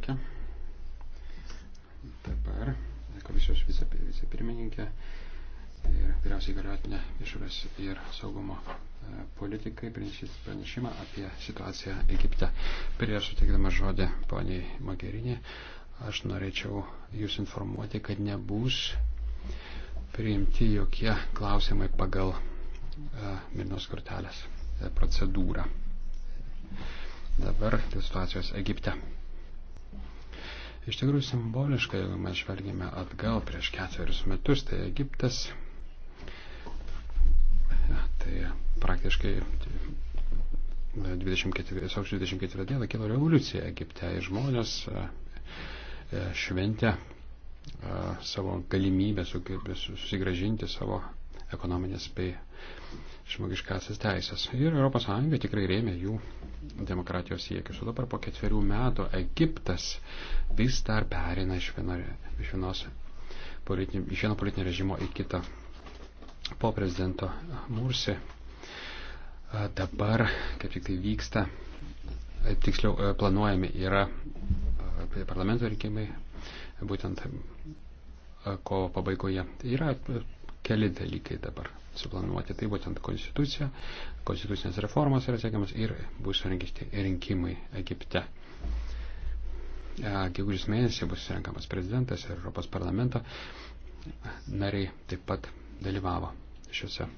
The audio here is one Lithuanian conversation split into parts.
pirmininkė. Dabar komisijos vicepirmininkė ir vyriausiai galiotinė išorės ir saugumo e, politikai pranešys pranešimą apie situaciją Egipte. Prieš suteikdama žodį poniai Mogerinė, aš norėčiau jūs informuoti, kad nebus priimti jokie klausimai pagal Mirnos e, kortelės e, procedūrą. Dabar dėl situacijos Egipte. Iš tikrųjų simboliškai, jeigu mes žvelgime atgal prieš ketverius metus, tai Egiptas, tai praktiškai 24, 24 dieną kilo revoliucija Egipte ir žmonės e, e, šventė e, savo galimybę susigražinti savo ekonominės bei žmogiškasias teisės. Ir ES tikrai rėmė jų demokratijos siekius. O dabar po ketverių metų Egiptas vis dar perina iš, vieno, iš, vienos, politinio, iš vieno politinio režimo į kitą. Po prezidento Mursi dabar kaip tik tai vyksta, tiksliau planuojami yra parlamento rinkimai, būtent kovo pabaigoje. Yra keli dalykai dabar suplanuoti. Tai būtent konstitucija, konstitucinės reformos yra siekiamas ir bus surinkti rinkimai Egipte. E, gegužės mėnesį bus renkamas prezidentas ir Europos parlamento nariai taip pat dalyvavo šiuose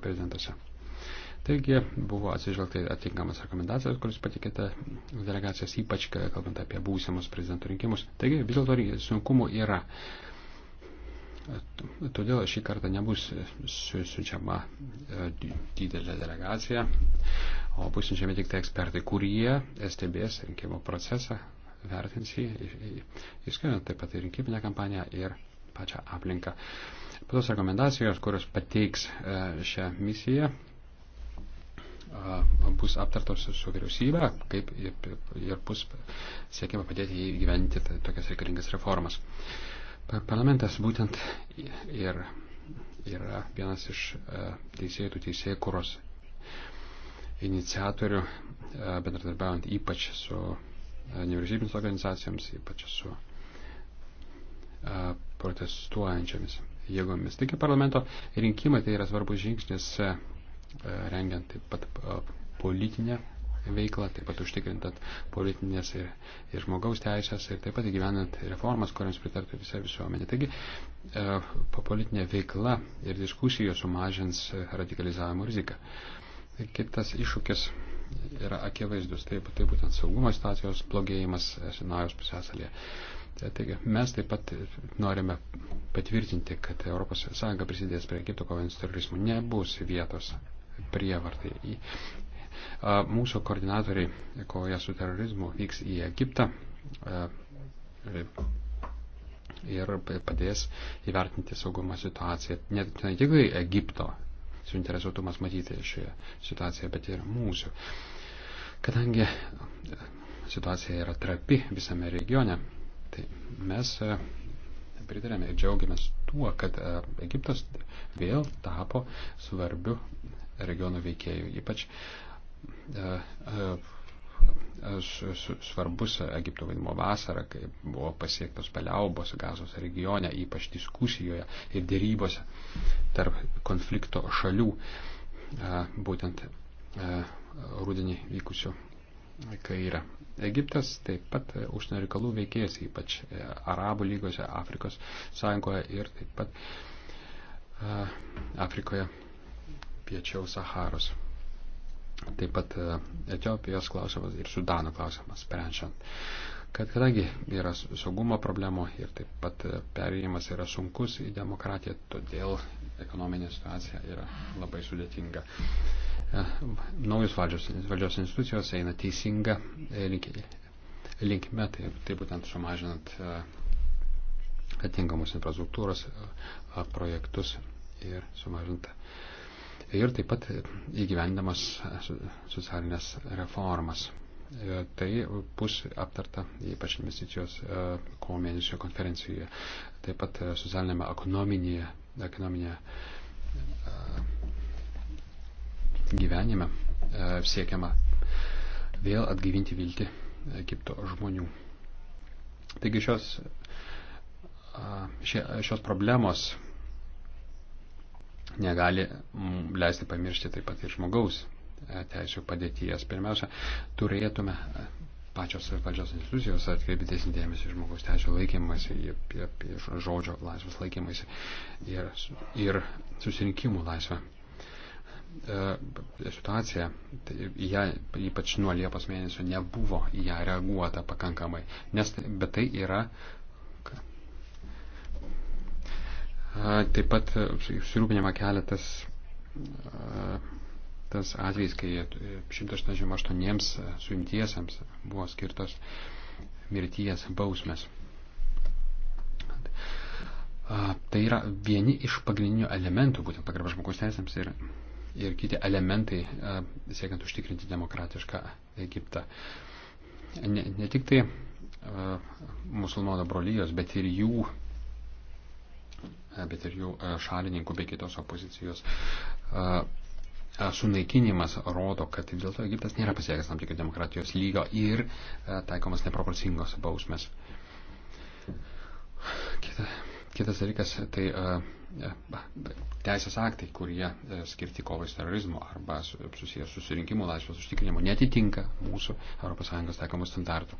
prezidentuose. Taigi buvo atsižvelgta atitinkamas rekomendacijas, kuris patikėta delegacijas, ypač kalbant apie būsimus prezidentų rinkimus. Taigi vis dėlto sunkumų yra. Uh, Todėl šį kartą nebus siunčiama e, didelė delegacija, o bus siunčiami tik tai ekspertai, kurie stebės rinkimo procesą, vertins jį, įskaitant taip pat ir rinkiminę kampaniją ir pačią aplinką. Tos rekomendacijos, kurios pateiks e, šią misiją, e, bus aptartos su vyriausybė, kaip ir bus siekiama padėti įgyventi tai tokias reikalingas reformas. Parlamentas būtent ir yra vienas iš e, teisėjų, teisėjų kuros iniciatorių, e, bendradarbiaujant ypač su e, nevyriausybinės organizacijoms, ypač su protestuojančiamis jėgomis. Taigi parlamento rinkimai tai yra svarbus žingsnis rengiant taip pat politinę veiklą, taip pat užtikrintant politinės ir, ir žmogaus teisės ir taip pat įgyvenant reformas, kuriams pritartų visa visuomenė. Taigi, e, politinė veikla ir diskusijos sumažins radikalizavimo riziką. Kitas iššūkis yra akivaizdus, taip, tai būtent saugumo situacijos blogėjimas Sinajos pusėsalėje. Taigi, mes taip pat norime patvirtinti, kad ES prisidės prie Egipto kovojant su terorizmu. Nebus vietos prievartai. Mūsų koordinatoriai kovoje su terorizmu vyks į Egiptą e, ir padės įvertinti saugumo situaciją. Net ne tik tai Egipto suinteresuotumas matyti šioje situacijoje, bet ir mūsų. Kadangi situacija yra trapi visame regione, tai mes e, pritarėme ir džiaugiamės tuo, kad e, Egiptas vėl tapo svarbiu regionų veikėjų, ypač E, e, svarbus Egipto vaidmo vasarą, kai buvo pasiektos paliaubos gazos regione, ypač diskusijoje ir dėrybose tarp konflikto šalių, e, būtent rūdienį vykusių kairę. Egiptas taip pat užsienio reikalų veikėjas, ypač Arabų lygose, Afrikos sąjungoje ir taip pat Afrikoje piečiau Saharos taip pat e, Etiopijos klausimas ir Sudano klausimas sprendžiant. Kad kadangi yra saugumo problemų ir taip pat e, perėjimas yra sunkus į demokratiją, todėl ekonominė situacija yra labai sudėtinga. E, Naujus valdžios, valdžios institucijos eina teisinga linkme, tai, tai būtent sumažinant atinkamus infrastruktūros projektus ir sumažinti ir taip pat įgyvendamas socialinės reformas. E, tai bus aptarta ypač investicijos e, kovo mėnesio konferencijoje. Taip pat e, socialinėme ekonominėje, ekonominėje gyvenime siekiama vėl atgyvinti viltį Egipto žmonių. Taigi šios, šios problemos negali mm, leisti pamiršti taip pat ir žmogaus e, teisų padėties. Pirmiausia, turėtume e, pačios valdžios institucijos atkreipti didesnį dėmesį žmogaus teisų laikymasi, žodžio laisvės laikymasi ir, ir susirinkimų laisvę. E, e situacija, tai, ją, ypač nuo Liepos mėnesio, nebuvo į ją reaguota pakankamai, nes, tai, bet tai yra Taip pat susirūpinimą e, kelia e, tas, tas atvejs, kai 188 e, suimtiesiems buvo skirtos mirties bausmės. Tai yra vieni iš pagrindinių elementų, būtent pagarba žmogaus teisėms ir, ir kiti elementai, siekiant užtikrinti demokratišką Egiptą. Ne, ne tik tai musulmonų brolyjos, bet ir jų E, bet ir jų e, šalininkų bei kitos opozicijos e, sunaikinimas rodo, kad vis dėlto Egiptas nėra pasiekęs tam tikro demokratijos lygio ir taikomas neproporcingos bausmės. Kita, kitas dalykas, tai E, teisės aktai, kurie e, skirti kovai su terorizmu arba susijęs susirinkimų laisvės užtikrinimu, netitinka mūsų ES taikomų standartų.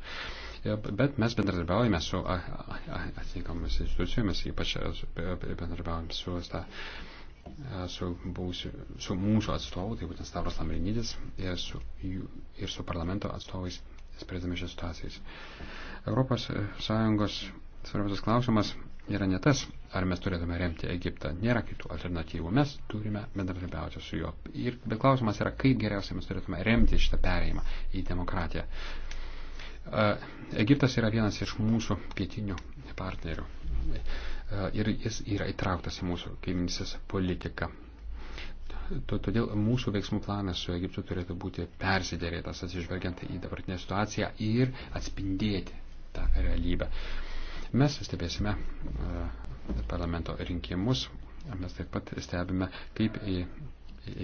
E, bet mes bendradarbiaujame su atitinkamomis institucijomis, ypač bendradarbiaujame su, sta, su, būsiu, su mūsų atstovu, tai būtent Stavros Lamrinidis, ir su, ir su parlamento atstovais spręsdami šias situacijas. ES svarbiausias klausimas yra ne tas, ar mes turėtume remti Egiptą. Nėra kitų alternatyvų. Mes turime bendradarbiauti su juo. Ir, bet klausimas yra, kaip geriausiai mes turėtume remti šitą perėjimą į demokratiją. Egiptas yra vienas iš mūsų pietinių partnerių. Ir jis yra įtrauktas į mūsų kaiminysis politiką. Todėl mūsų veiksmų planas su Egiptu turėtų būti persidėrėtas atsižvelgiant į dabartinę situaciją ir atspindėti tą realybę. Uh, Mes stebėsime e, parlamento rinkimus, mes taip pat stebime, kaip į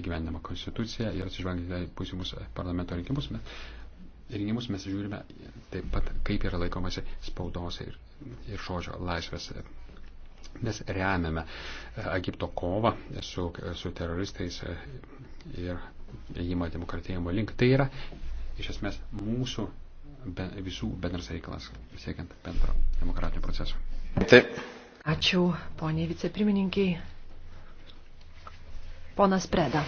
įgyvendama konstitucija ir atsižvelgiant į būsimus parlamento rinkimus, mes, rinkimus mes žiūrime taip pat, kaip yra laikomasi spaudos ir, ir žodžio laisvės. Mes remiame e, Egipto kovą su, su teroristais e, ir įjimą demokratėjimo link. Tai yra iš esmės mūsų be, visų bendras reikalas, siekiant bendro demokratinio proceso. Taip. Ačiū, poniai vicepirmininkiai. Ponas Preda.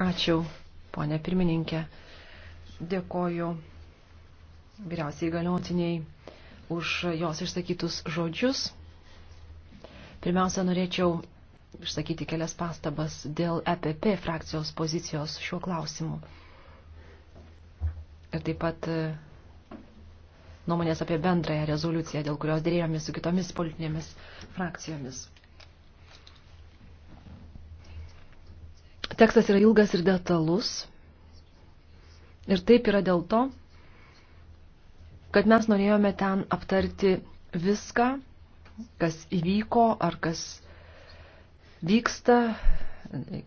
Ačiū, ponė pirmininkė. Dėkoju vyriausiai galiotiniai už jos išsakytus žodžius. Pirmiausia, norėčiau išsakyti kelias pastabas dėl EPP frakcijos pozicijos šiuo klausimu ir taip pat e, nuomonės apie bendrąją rezoliuciją, dėl kurios dėrėjomės su kitomis politinėmis frakcijomis. Tekstas yra ilgas ir detalus. Ir taip yra dėl to, kad mes norėjome ten aptarti viską, kas įvyko ar kas vyksta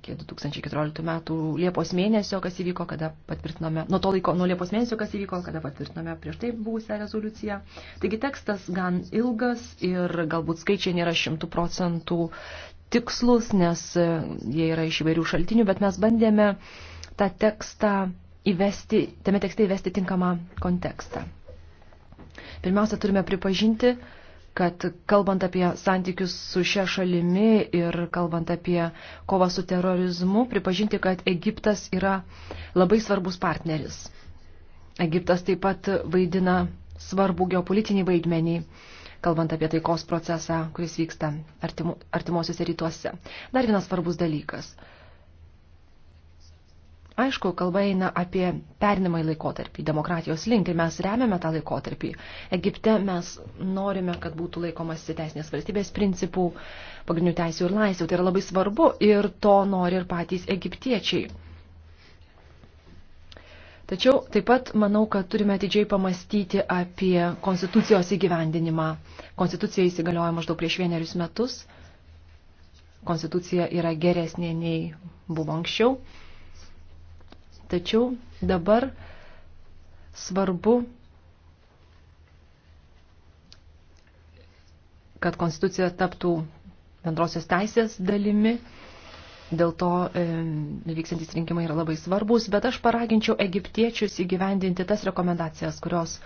iki 2014 metų Liepos mėnesio, kas įvyko, kada patvirtinome, nuo to laiko, nuo Liepos mėnesio, kas įvyko, kada patvirtinome prieš tai buvusią rezoliuciją. Taigi tekstas gan ilgas ir galbūt skaičiai nėra šimtų procentų tikslus, nes e, jie yra iš įvairių šaltinių, bet mes bandėme tą tekstą įvesti, tame tekste įvesti tinkamą kontekstą. Pirmiausia, turime pripažinti, kad kalbant apie santykius su šia šalimi ir kalbant apie kovą su terorizmu, pripažinti, kad Egiptas yra labai svarbus partneris. Egiptas taip pat vaidina svarbų geopolitinį vaidmenį, kalbant apie taikos procesą, kuris vyksta artimu, artimuosiuose rytuose. Dar vienas svarbus dalykas. Aišku, kalba eina apie perinamąjį laikotarpį, demokratijos link ir mes remiame tą laikotarpį. Egipte mes norime, kad būtų laikomasi teisinės valstybės principų, pagrindinių teisių ir laisvių. Tai yra labai svarbu ir to nori ir patys egiptiečiai. Tačiau taip pat manau, kad turime atidžiai pamastyti apie konstitucijos įgyvendinimą. Konstitucija įsigalioja maždaug prieš vienerius metus. Konstitucija yra geresnė nei buvo anksčiau Tačiau dabar svarbu, kad konstitucija taptų bendrosios teisės dalimi Dėl to e, vyksantis rinkimai yra labai svarbus, bet aš paraginčiau egiptiečius įgyvendinti tas rekomendacijas, kurios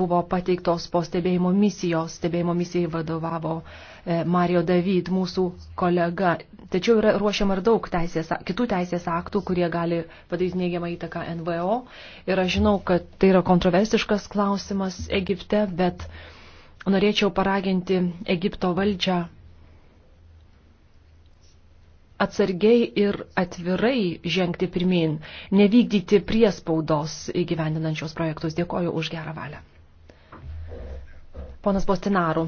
buvo pateiktos po stebėjimo misijos. Stebėjimo misijai vadovavo e, Mario David, mūsų kolega. Tačiau yra ruošiama ir daug teisės, kitų teisės aktų, kurie gali padaryti neigiamą įtaką NVO. Ir aš žinau, kad tai yra kontroversiškas klausimas Egipte, bet norėčiau paraginti Egipto valdžią atsargiai ir atvirai žengti pirmin, nevykdyti priespaudos įgyvendinančios projektus. Dėkoju už gerą valią. Ponas Bostinaru,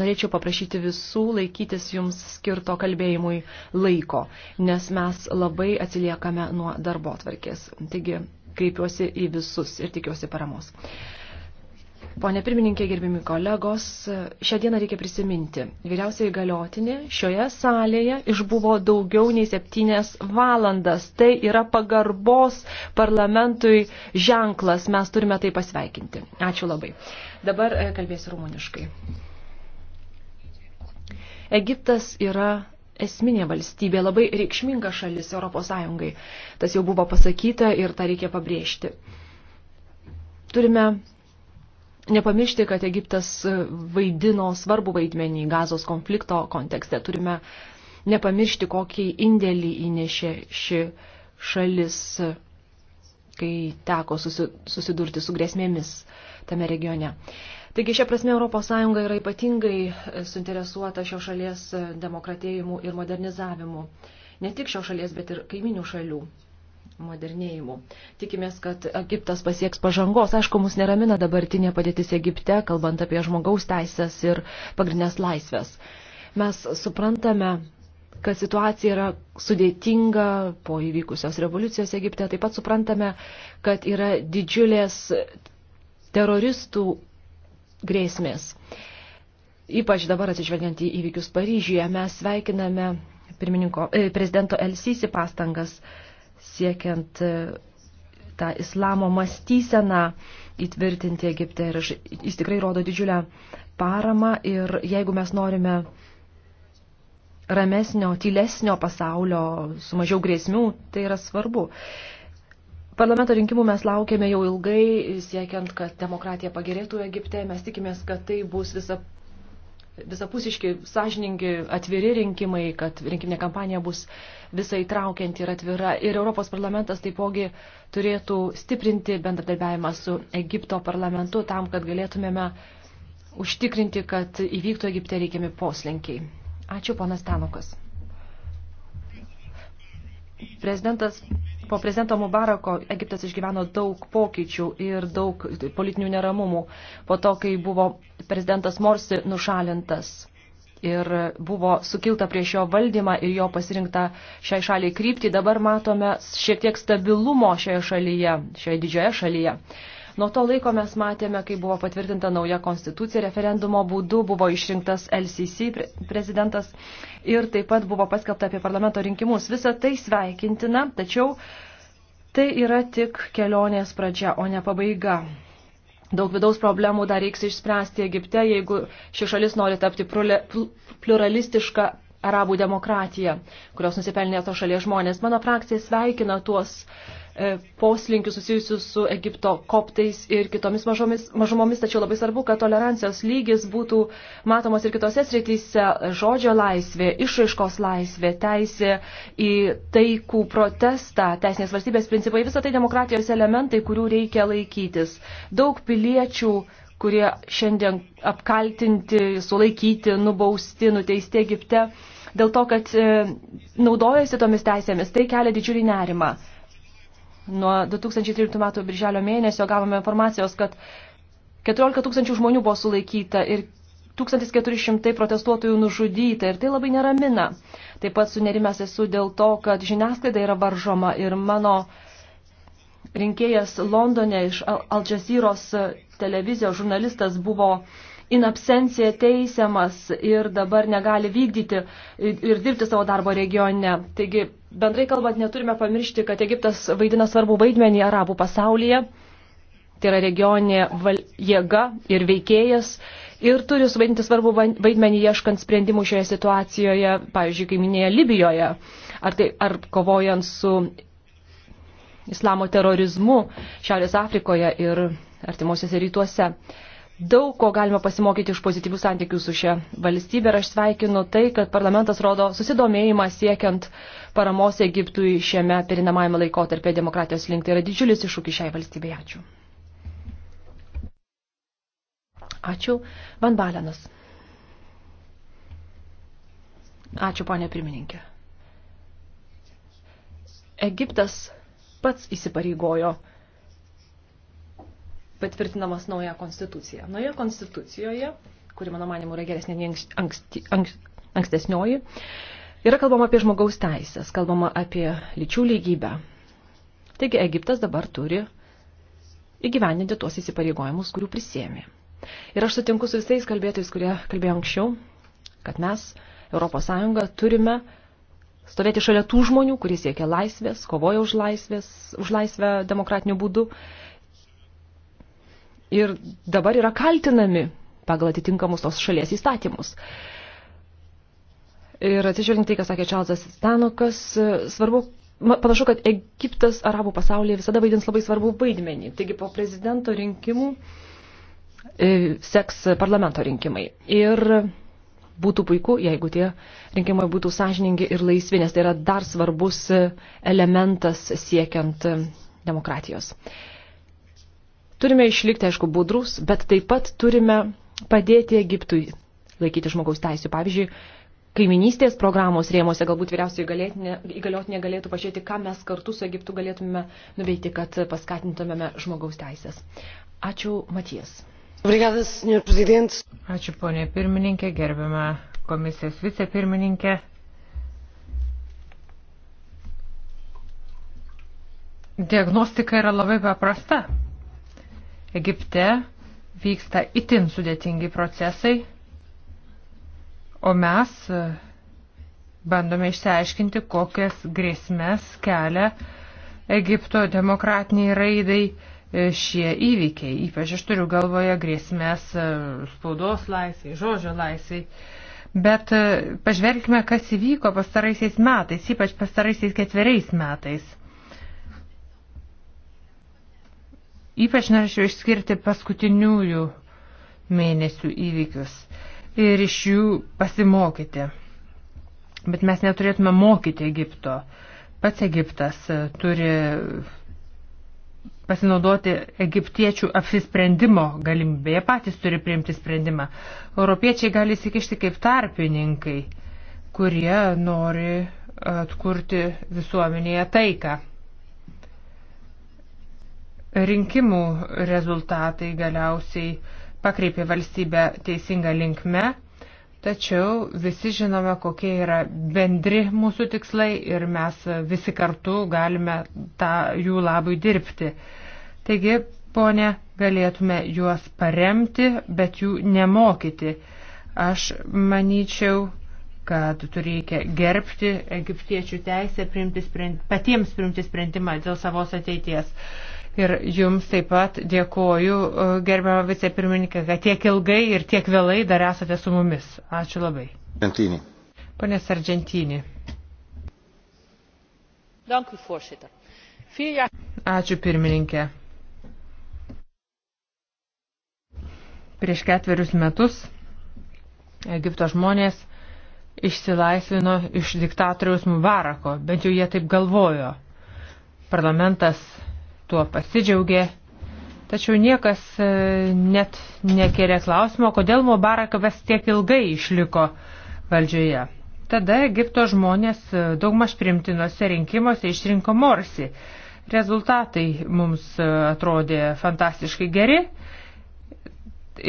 norėčiau paprašyti visų laikytis jums skirto kalbėjimui laiko, nes mes labai atsiliekame nuo darbo tvarkės. Taigi kreipiuosi į visus ir tikiuosi paramos. Pone pirmininkė, gerbimi kolegos, šią dieną reikia prisiminti. Vyriausiai galiotinė šioje salėje išbuvo daugiau nei septynės valandas. Tai yra pagarbos parlamentui ženklas. Mes turime tai pasveikinti. Ačiū labai. Dabar e, kalbėsiu rumuniškai. Egiptas yra esminė valstybė, labai reikšminga šalis Europos Sąjungai. Tas jau buvo pasakyta ir tą reikia pabrėžti. Turime nepamiršti, kad Egiptas vaidino svarbu vaidmenį gazos konflikto kontekste. Turime nepamiršti, kokį indėlį įnešė ši šalis, kai teko susidurti su grėsmėmis tame regione. Taigi šia prasme ES yra ypatingai suinteresuota šio šalies demokratėjimu ir modernizavimu. Ne tik šio šalies, bet ir kaiminių šalių modernėjimu. Tikimės, kad Egiptas pasieks pažangos. Aišku, mus neramina dabartinė padėtis Egipte, kalbant apie žmogaus teisės ir pagrindinės laisvės. Mes suprantame, kad situacija yra sudėtinga po įvykusios revoliucijos Egipte. Taip pat suprantame, kad yra didžiulės teroristų grėsmės. Ypač dabar atsižvelgiant į įvykius Paryžiuje, mes sveikiname pirmininko, e, prezidento Elsisi pastangas uh, siekiant e, tą islamo mąstyseną įtvirtinti Egipte. Ir jis tikrai rodo didžiulę paramą ir jeigu mes norime ramesnio, tylesnio pasaulio, su mažiau grėsmių, tai yra svarbu. Parlamento rinkimų mes laukėme jau ilgai, siekiant, kad demokratija pagerėtų Egipte. Mes tikimės, kad tai bus visa visapusiški, sąžiningi, atviri rinkimai, kad rinkiminė kampanija bus visai traukianti ir atvira. Ir Europos parlamentas taipogi turėtų stiprinti bendradarbiavimą su Egipto parlamentu tam, kad galėtumėme užtikrinti, kad įvyktų Egipte reikiami poslinkiai. Ačiū, ponas Tanukas. Prezidentas po prezidento Mubarako Egiptas išgyveno daug pokyčių ir daug politinių neramumų po to, kai buvo prezidentas Morsi nušalintas. Ir buvo sukilta prieš jo valdymą ir jo pasirinktą šiai šaliai kryptį. Dabar matome šiek tiek stabilumo šioje šalyje, šioje didžioje šalyje. Nuo to laiko mes matėme, kai buvo patvirtinta nauja konstitucija, referendumo būdu buvo išrinktas LCC prezidentas ir taip pat buvo paskelbta apie parlamento rinkimus. Visa tai sveikintina, tačiau tai yra tik kelionės pradžia, o ne pabaiga. Daug vidaus problemų dar reiks išspręsti Egipte, jeigu ši šalis nori tapti pluralistišką arabų demokratiją, kurios nusipelnė to šalies žmonės. Mano frakcija sveikina tuos E, poslinkių susijusių su Egipto koptais ir kitomis mažomis, mažumomis, tačiau labai svarbu, kad tolerancijos lygis būtų matomas ir kitose srityse - žodžio laisvė, išraiškos laisvė, teisė į taikų protestą, teisinės valstybės principai, visą tai demokratijos elementai, kurių reikia laikytis. Daug piliečių kurie šiandien apkaltinti, sulaikyti, nubausti, nuteisti Egipte, dėl to, kad e, naudojasi tomis teisėmis, tai kelia didžiulį nerimą. Nuo 2013 m. birželio mėnesio gavome informacijos, kad 14 tūkstančių žmonių buvo sulaikyta ir 1400 protestuotojų nužudyta ir tai labai neramina. Taip pat sunerimęs esu dėl to, kad žiniasklaida yra varžoma ir mano rinkėjas Londone iš Al Jazeeros televizijos žurnalistas buvo uh, in absencija teisiamas ir dabar negali vykdyti ir dirbti savo darbo regione. Taigi, bendrai kalbant, neturime pamiršti, kad Egiptas vaidina svarbų vaidmenį arabų pasaulyje. Tai yra regioninė jėga ir veikėjas ir turi suvaidinti svarbų vaidmenį ieškant sprendimų šioje situacijoje, pavyzdžiui, kaiminėje Libijoje, ar, tai, ar kovojant su islamo terorizmu Šiaurės Afrikoje ir artimuosiuose rytuose daug ko galima pasimokyti iš pozityvių santykių su šia valstybė ir aš sveikinu tai, kad parlamentas rodo susidomėjimą siekiant paramos Egiptui šiame perinamajame laikotarpėje demokratijos link. Tai yra didžiulis iššūkis šiai valstybei. Ačiū. Ačiū. Van Balenas. Ačiū, ponė pirmininkė. Egiptas pats įsipareigojo patvirtinamas nauja konstitucija. Nauja konstitucijoje, kuri mano manimu yra geresnė nei anksti, anks, ankstesnioji, yra kalbama apie žmogaus teisės, kalbama apie lyčių lygybę. Taigi Egiptas dabar turi įgyvendinti tuos įsipareigojimus, kurių prisėmė. Ir aš sutinku su visais kalbėtojais, kurie kalbėjo anksčiau, kad mes, ES, turime stovėti šalia tų žmonių, kurie siekia laisvės, kovoja už, laisvės, už laisvę demokratiniu būdu ir dabar yra kaltinami pagal atitinkamus tos šalies įstatymus. Ir atsižvelgiant tai, ką sakė Čarlzas Stanokas, svarbu, panašu, kad Egiptas arabų pasaulyje visada vaidins labai svarbų vaidmenį. Taigi po prezidento rinkimų e, seks parlamento rinkimai. Ir būtų puiku, jeigu tie rinkimai būtų sąžiningi ir laisvi, nes tai yra dar svarbus elementas siekiant demokratijos. Turime išlikti, aišku, budrus, bet taip pat turime padėti Egiptui laikyti žmogaus teisų. Pavyzdžiui, kaiminystės programos rėmose galbūt vyriausiai įgaliotinė galėtų pažiūrėti, ką mes kartu su Egiptu galėtume nuveikti, kad paskatintumėme žmogaus teisės. Ačiū, Matijas. Obrigadas, senor prezident. Ačiū, ponė pirmininkė, gerbiama komisijos vicepirmininkė. Diagnostika yra labai paprasta. Egipte vyksta itin sudėtingi procesai, o mes e, bandome išsiaiškinti, kokias grėsmės kelia Egipto demokratiniai raidai e, šie įvykiai. Ypač aš turiu galvoje grėsmės e, spaudos laisvai, žodžio laisvai. Bet pažvelgime, kas įvyko pastaraisiais metais, ypač pastaraisiais ketveriais metais. Ypač norėčiau išskirti paskutiniųjų mėnesių įvykius ir iš jų pasimokyti. Bet mes neturėtume mokyti Egipto. Pats Egiptas e, turi pasinaudoti egiptiečių apsisprendimo galimybę. Jie patys turi priimti sprendimą. Europiečiai gali įsikišti kaip tarpininkai, kurie nori atkurti visuomenėje taiką. Rinkimų rezultatai galiausiai pakreipė valstybę teisinga linkme, tačiau visi žinome, kokie yra bendri mūsų tikslai ir mes visi kartu galime tą jų labui dirbti. Taigi, ponė, galėtume juos paremti, bet jų nemokyti. Aš manyčiau, kad reikia gerbti egiptiečių teisę priimti sprend, patiems priimti sprendimą dėl savos ateities. Ir jums taip pat dėkoju, e, gerbiamą vicepirmininką, kad tiek ilgai ir tiek vėlai dar esate su mumis. Ačiū labai. Argentinį. Pane Sargentinį. Ačiū pirmininkė. Prieš ketverius metus Egipto žmonės išsilaisvino iš diktatoriaus Mubarako, bent jau jie taip galvojo. Parlamentas tuo pasidžiaugė. Tačiau niekas e, net nekėlė klausimo, kodėl Mubarakas tiek ilgai išliko valdžioje. Tada Egipto žmonės e, daugmaž primtinose rinkimuose išrinko Morsi. Rezultatai mums e, atrodė fantastiškai geri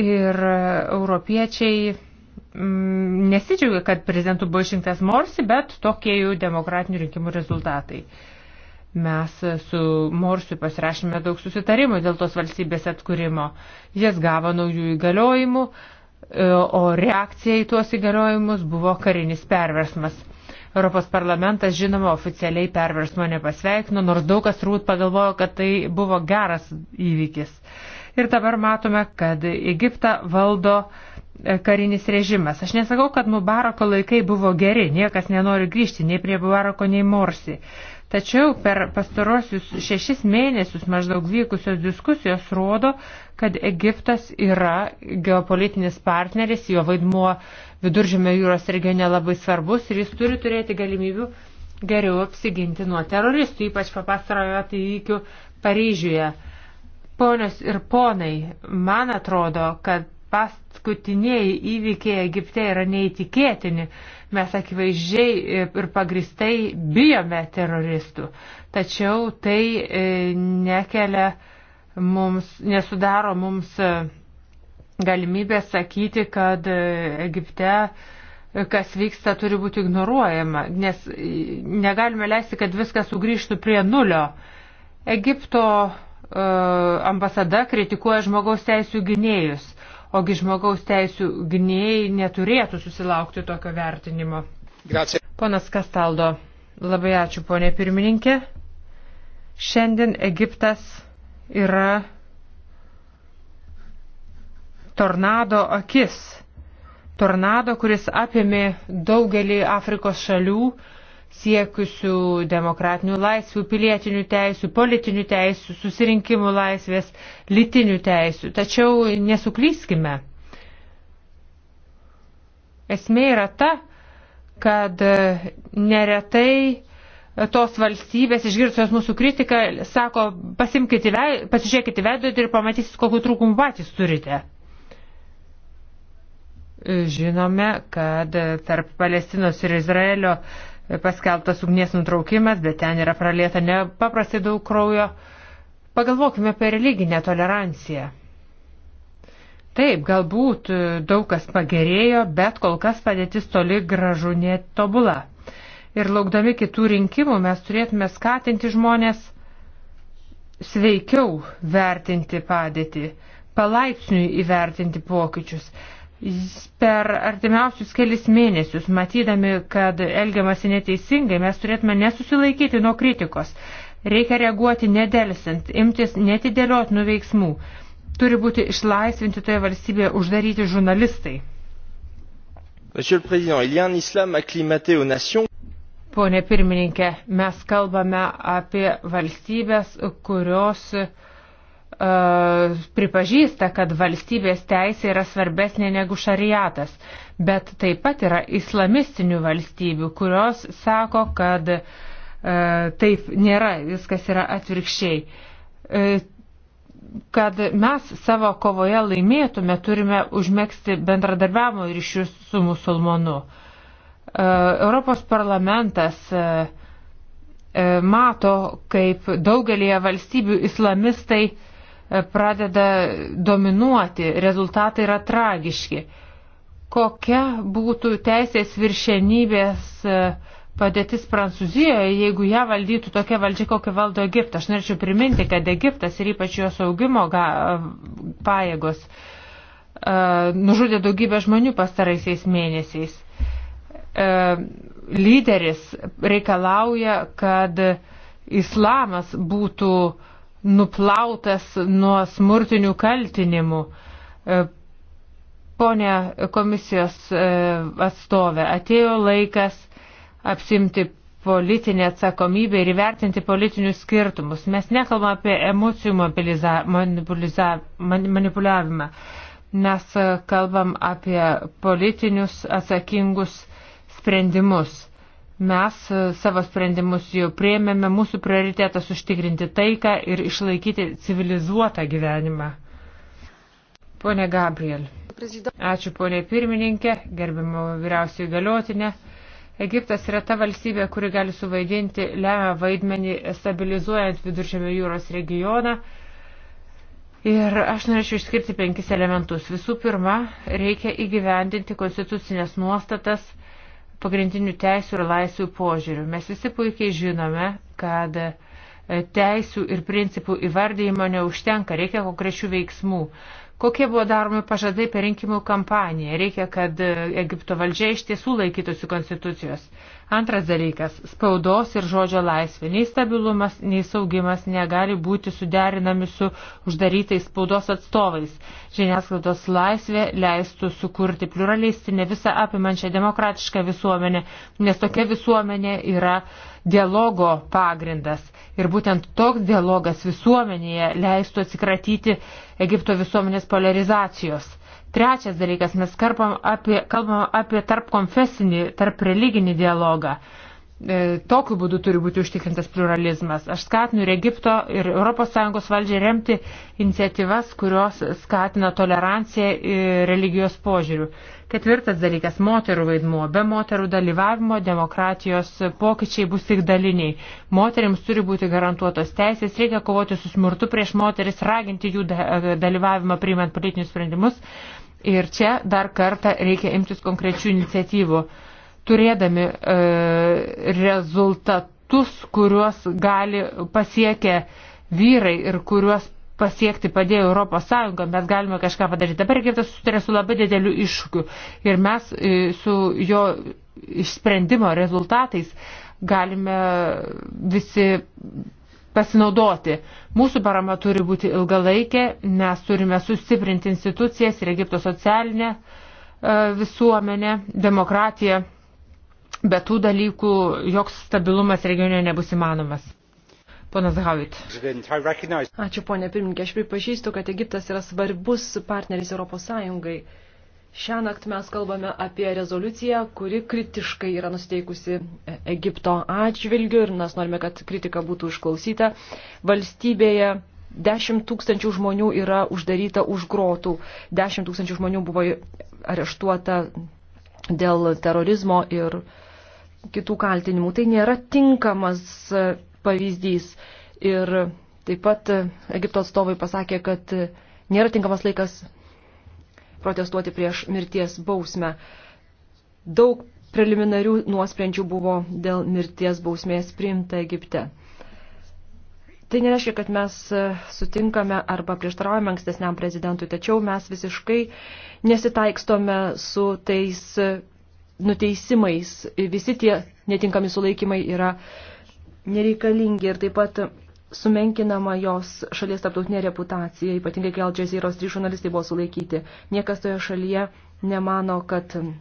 ir europiečiai mm, nesidžiaugia, kad prezidentu buvo išrinktas Morsi, bet tokie jų demokratinių rinkimų rezultatai. Uh, Mes su Morsiu pasirašėme daug susitarimų dėl tos valstybės atkūrimo. Jis gavo naujų įgaliojimų, e, o reakcija į tuos įgaliojimus buvo karinis perversmas. Europos parlamentas, žinoma, oficialiai perversmo nepasveikino, nors daug kas rūt pagalvojo, kad tai buvo geras įvykis. Ir dabar matome, kad Egiptą valdo e, karinis režimas. Aš nesakau, kad Mubarako laikai buvo geri, niekas nenori grįžti nei prie Mubarako, nei Morsi. Tačiau per pastarosius šešis mėnesius maždaug vykusios diskusijos rodo, kad Egiptas yra geopolitinis partneris, jo vaidmuo viduržėmio jūros regione labai svarbus ir jis turi turėti galimybių geriau apsiginti nuo teroristų, ypač papastarojo įvykių Paryžiuje. Ponios ir ponai, man atrodo, kad paskutiniai įvykiai Egipte yra neįtikėtini Mes akivaizdžiai e, ir pagristai bijome teroristų, tačiau tai e, nekelia mums, nesudaro mums e, galimybės sakyti, kad Egipte kas vyksta turi būti ignoruojama, nes negalime leisti, kad viskas sugrįžtų prie nulio. Egipto ambasada kritikuoja žmogaus teisų gynėjus ogi žmogaus teisų gynėjai neturėtų susilaukti tokio vertinimo. Grazie. Ponas Kastaldo, labai ačiū, ponė pirmininkė. Šiandien Egiptas yra tornado akis. Tornado, kuris apėmė daugelį Afrikos šalių, siekusių demokratinių laisvių, pilietinių teisių, politinių teisių, susirinkimų laisvės, litinių teisių. Tačiau nesuklyskime. Esmė yra ta, kad neretai tos valstybės išgirdusios mūsų kritiką sako, pasižiūrėkite veidrodį ir pamatysit, kokiu trūkumu patys turite. Žinome, kad tarp Palestinos ir Izraelio uh, paskelbtas ugnies nutraukimas, bet ten yra pralieta nepaprastai daug kraujo. Pagalvokime apie religinę toleranciją. Taip, galbūt e, daug kas pagerėjo, bet kol kas padėtis toli gražu netobula. Ir laukdami kitų rinkimų mes turėtume skatinti žmonės sveikiau vertinti padėtį, palaipsniui įvertinti pokyčius per artimiausius kelis mėnesius, matydami, kad elgiamasi neteisingai, mes turėtume nesusilaikyti nuo kritikos. Reikia reaguoti nedelsint, imtis netidėliotinų veiksmų. Turi būti išlaisvinti toje valstybėje uždaryti žurnalistai. Monsieur le Président, il y a un islam acclimaté aux nations. Pone pirmininkė, mes kalbame apie valstybės, kurios uh, E, pripažįsta, kad valstybės teisė yra svarbesnė negu šariatas, bet taip pat yra islamistinių valstybių, kurios sako, kad e, taip nėra, viskas yra atvirkščiai. E, kad mes savo kovoje laimėtume, turime užmėgsti bendradarbiavimo ryšius su musulmonu. E, Europos parlamentas e, e mato, kaip daugelie valstybių islamistai e, pradeda dominuoti, rezultatai yra tragiški. Kokia būtų teisės viršenybės e, padėtis Prancūzijoje, jeigu ją valdytų tokia valdžia, kokią valdo Egiptas? Aš norėčiau priminti, kad Egiptas ir ypač jo saugimo e, pajėgos e, nužudė daugybę žmonių pastaraisiais mėnesiais. Lyderis reikalauja, kad islamas būtų uh, nuplautas nuo smurtinių kaltinimų. E, Pone komisijos e, atstovė, atėjo laikas apsimti politinę atsakomybę ir įvertinti politinius skirtumus. Mes nekalbame apie emocijų manipuliavimą. Mes e, kalbam apie politinius atsakingus sprendimus Mes e, savo sprendimus jau prieimėme, mūsų prioritetas užtikrinti taiką ir išlaikyti civilizuotą gyvenimą. Pone Gabriel. Ačiū ponė pirmininkė, gerbimo vyriausiai galiotinė. Egiptas yra ta valstybė, kuri gali suvaidinti lemia vaidmenį stabilizuojant viduržėmio jūros regioną. Ir aš norėčiau išskirti penkis elementus. Visų pirma, reikia įgyvendinti konstitucinės nuostatas pagrindinių teisų ir laisvių požiūrių. Mes visi puikiai žinome, kad e, teisų ir principų įvardyjimo neužtenka, reikia konkrečių veiksmų. Kokie buvo daromi pažadai per rinkimų kampaniją? Reikia, kad e, Egipto valdžia iš tiesų laikytųsi konstitucijos. Antras dalykas - spaudos ir žodžio laisvė. Nei stabilumas, nei saugimas negali būti suderinami su uždarytais spaudos atstovais. Žiniasklaidos laisvė leistų sukurti pluralistinę visą apimančią demokratišką visuomenę, nes tokia visuomenė yra dialogo pagrindas. Ir būtent toks dialogas visuomenėje leistų atsikratyti Egipto visuomenės polarizacijos Trečias dalykas, mes kalbam apie, kalbam apie tarp konfesinį, tarp religinį dialogą. E, tokiu būdu turi būti užtikrintas pluralizmas. Aš skatinu ir Egipto, ir ES valdžiai remti iniciatyvas, kurios skatina toleranciją e, religijos požiūrių. Ketvirtas dalykas - moterų vaidmuo. Be moterų dalyvavimo demokratijos pokyčiai bus tik daliniai. Moterims turi būti garantuotos teisės, reikia kovoti su smurtu prieš moteris, raginti jų dalyvavimą priimant politinius sprendimus. Ir čia dar kartą reikia imtis konkrečių iniciatyvų. Turėdami e, rezultatus, kuriuos gali pasiekę vyrai ir kuriuos pasiekti padėjo Europos Sąjunga, mes galime kažką padaryti. Dabar Egiptas susitarė su labai dideliu iššūkiu ir mes e, su jo išsprendimo rezultatais galime visi pasinaudoti. Mūsų parama turi būti ilgalaikė, mes turime sustiprinti institucijas ir Egipto socialinę e, visuomenę, demokratiją. Be tų dalykų joks stabilumas regione nebus įmanomas. Ponas Havit. Ačiū, ponė pirmininkė. Aš pripažįstu, kad Egiptas yra svarbus partneris Europos Sąjungai. Šią naktį mes kalbame apie rezoliuciją, kuri kritiškai yra nusteikusi Egipto atžvilgiu ir mes norime, kad kritika būtų išklausyta. Valstybėje 10 tūkstančių žmonių yra uždaryta už grotų, 10 tūkstančių žmonių buvo areštuota dėl terorizmo ir kitų kaltinimų. Tai nėra tinkamas pavyzdys. Ir taip pat Egipto atstovai pasakė, kad nėra tinkamas laikas protestuoti prieš mirties bausmę. Daug preliminarių nuosprendžių buvo dėl mirties bausmės priimta Egipte. Tai nereiškia, kad mes sutinkame arba prieštaraujame ankstesniam prezidentui, tačiau mes visiškai nesitaikstome su tais nuteisimais. Visi tie netinkami sulaikymai yra nereikalingi ir taip pat sumenkinama jos šalies tarptautinė reputacija, ypatingai kai Al Jazeeros trys žurnalistai buvo sulaikyti. Niekas toje šalyje nemano, kad e,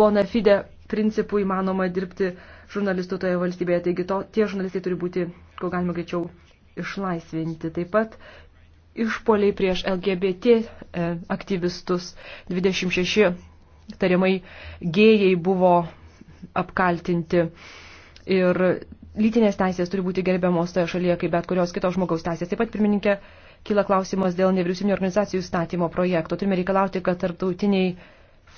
bonafide principų įmanoma dirbti žurnalistų toje valstybėje. Taigi to, tie žurnalistai turi būti, kuo galima greičiau, išlaisvinti. Taip pat išpoliai prieš LGBT e, aktyvistus 26 tariamai gėjai buvo apkaltinti. Ir lytinės teisės turi būti gerbiamos toje šalyje kaip bet kurios kitos žmogaus teisės. Taip pat, pirmininkė, kyla klausimas dėl nevyriausybinio organizacijų statymo projekto. Turime reikalauti, kad tarptautiniai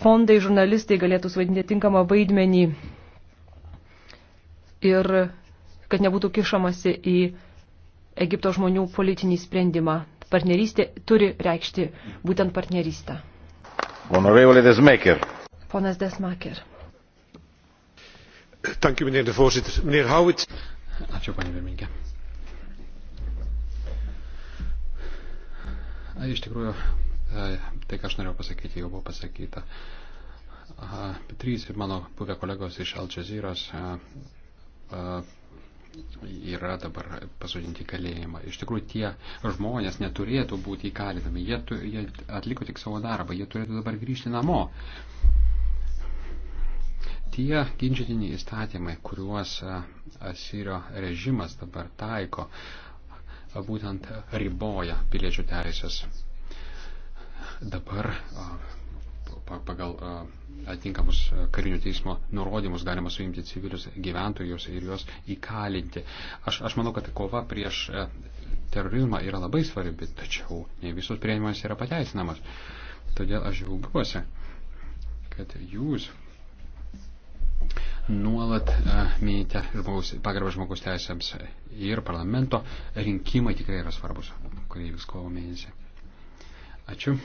fondai, žurnalistai galėtų suvaidinti tinkamą vaidmenį ir kad nebūtų kišamasi į Egipto žmonių politinį sprendimą. Partnerystė turi reikšti būtent partnerystę. Honorevole Desmaker. Ponas Desmaker voorzitter mijnheer howitt iš tikrųjų tai ką aš norėjau pasakyti jau buvo pasakyta trys mano buvę kolegos iš al džaziros yra dabar pasodinti į kalėjimą. Iš tikrųjų, tie žmonės neturėtų būti įkalinami. Jie, tu, jie atliko tik savo darbą. Jie turėtų dabar grįžti namo tie ginčytini įstatymai, kuriuos e, Asirio režimas dabar taiko, e, būtent riboja piliečių teisės. Dabar e, pagal atinkamus karinių teismo nurodymus galima suimti civilius gyventojus ir juos įkalinti. Aš, aš manau, kad kova prieš terorizmą yra labai svarbi, tačiau ne visos priemonės yra pateisinamas. Todėl aš jau būsiu, kad jūs nuolat e, minite žmogus, pagarbą žmogus teisėms ir parlamento rinkimai tikrai yra svarbus, kurie vyks kovo mėnesį. Ačiū.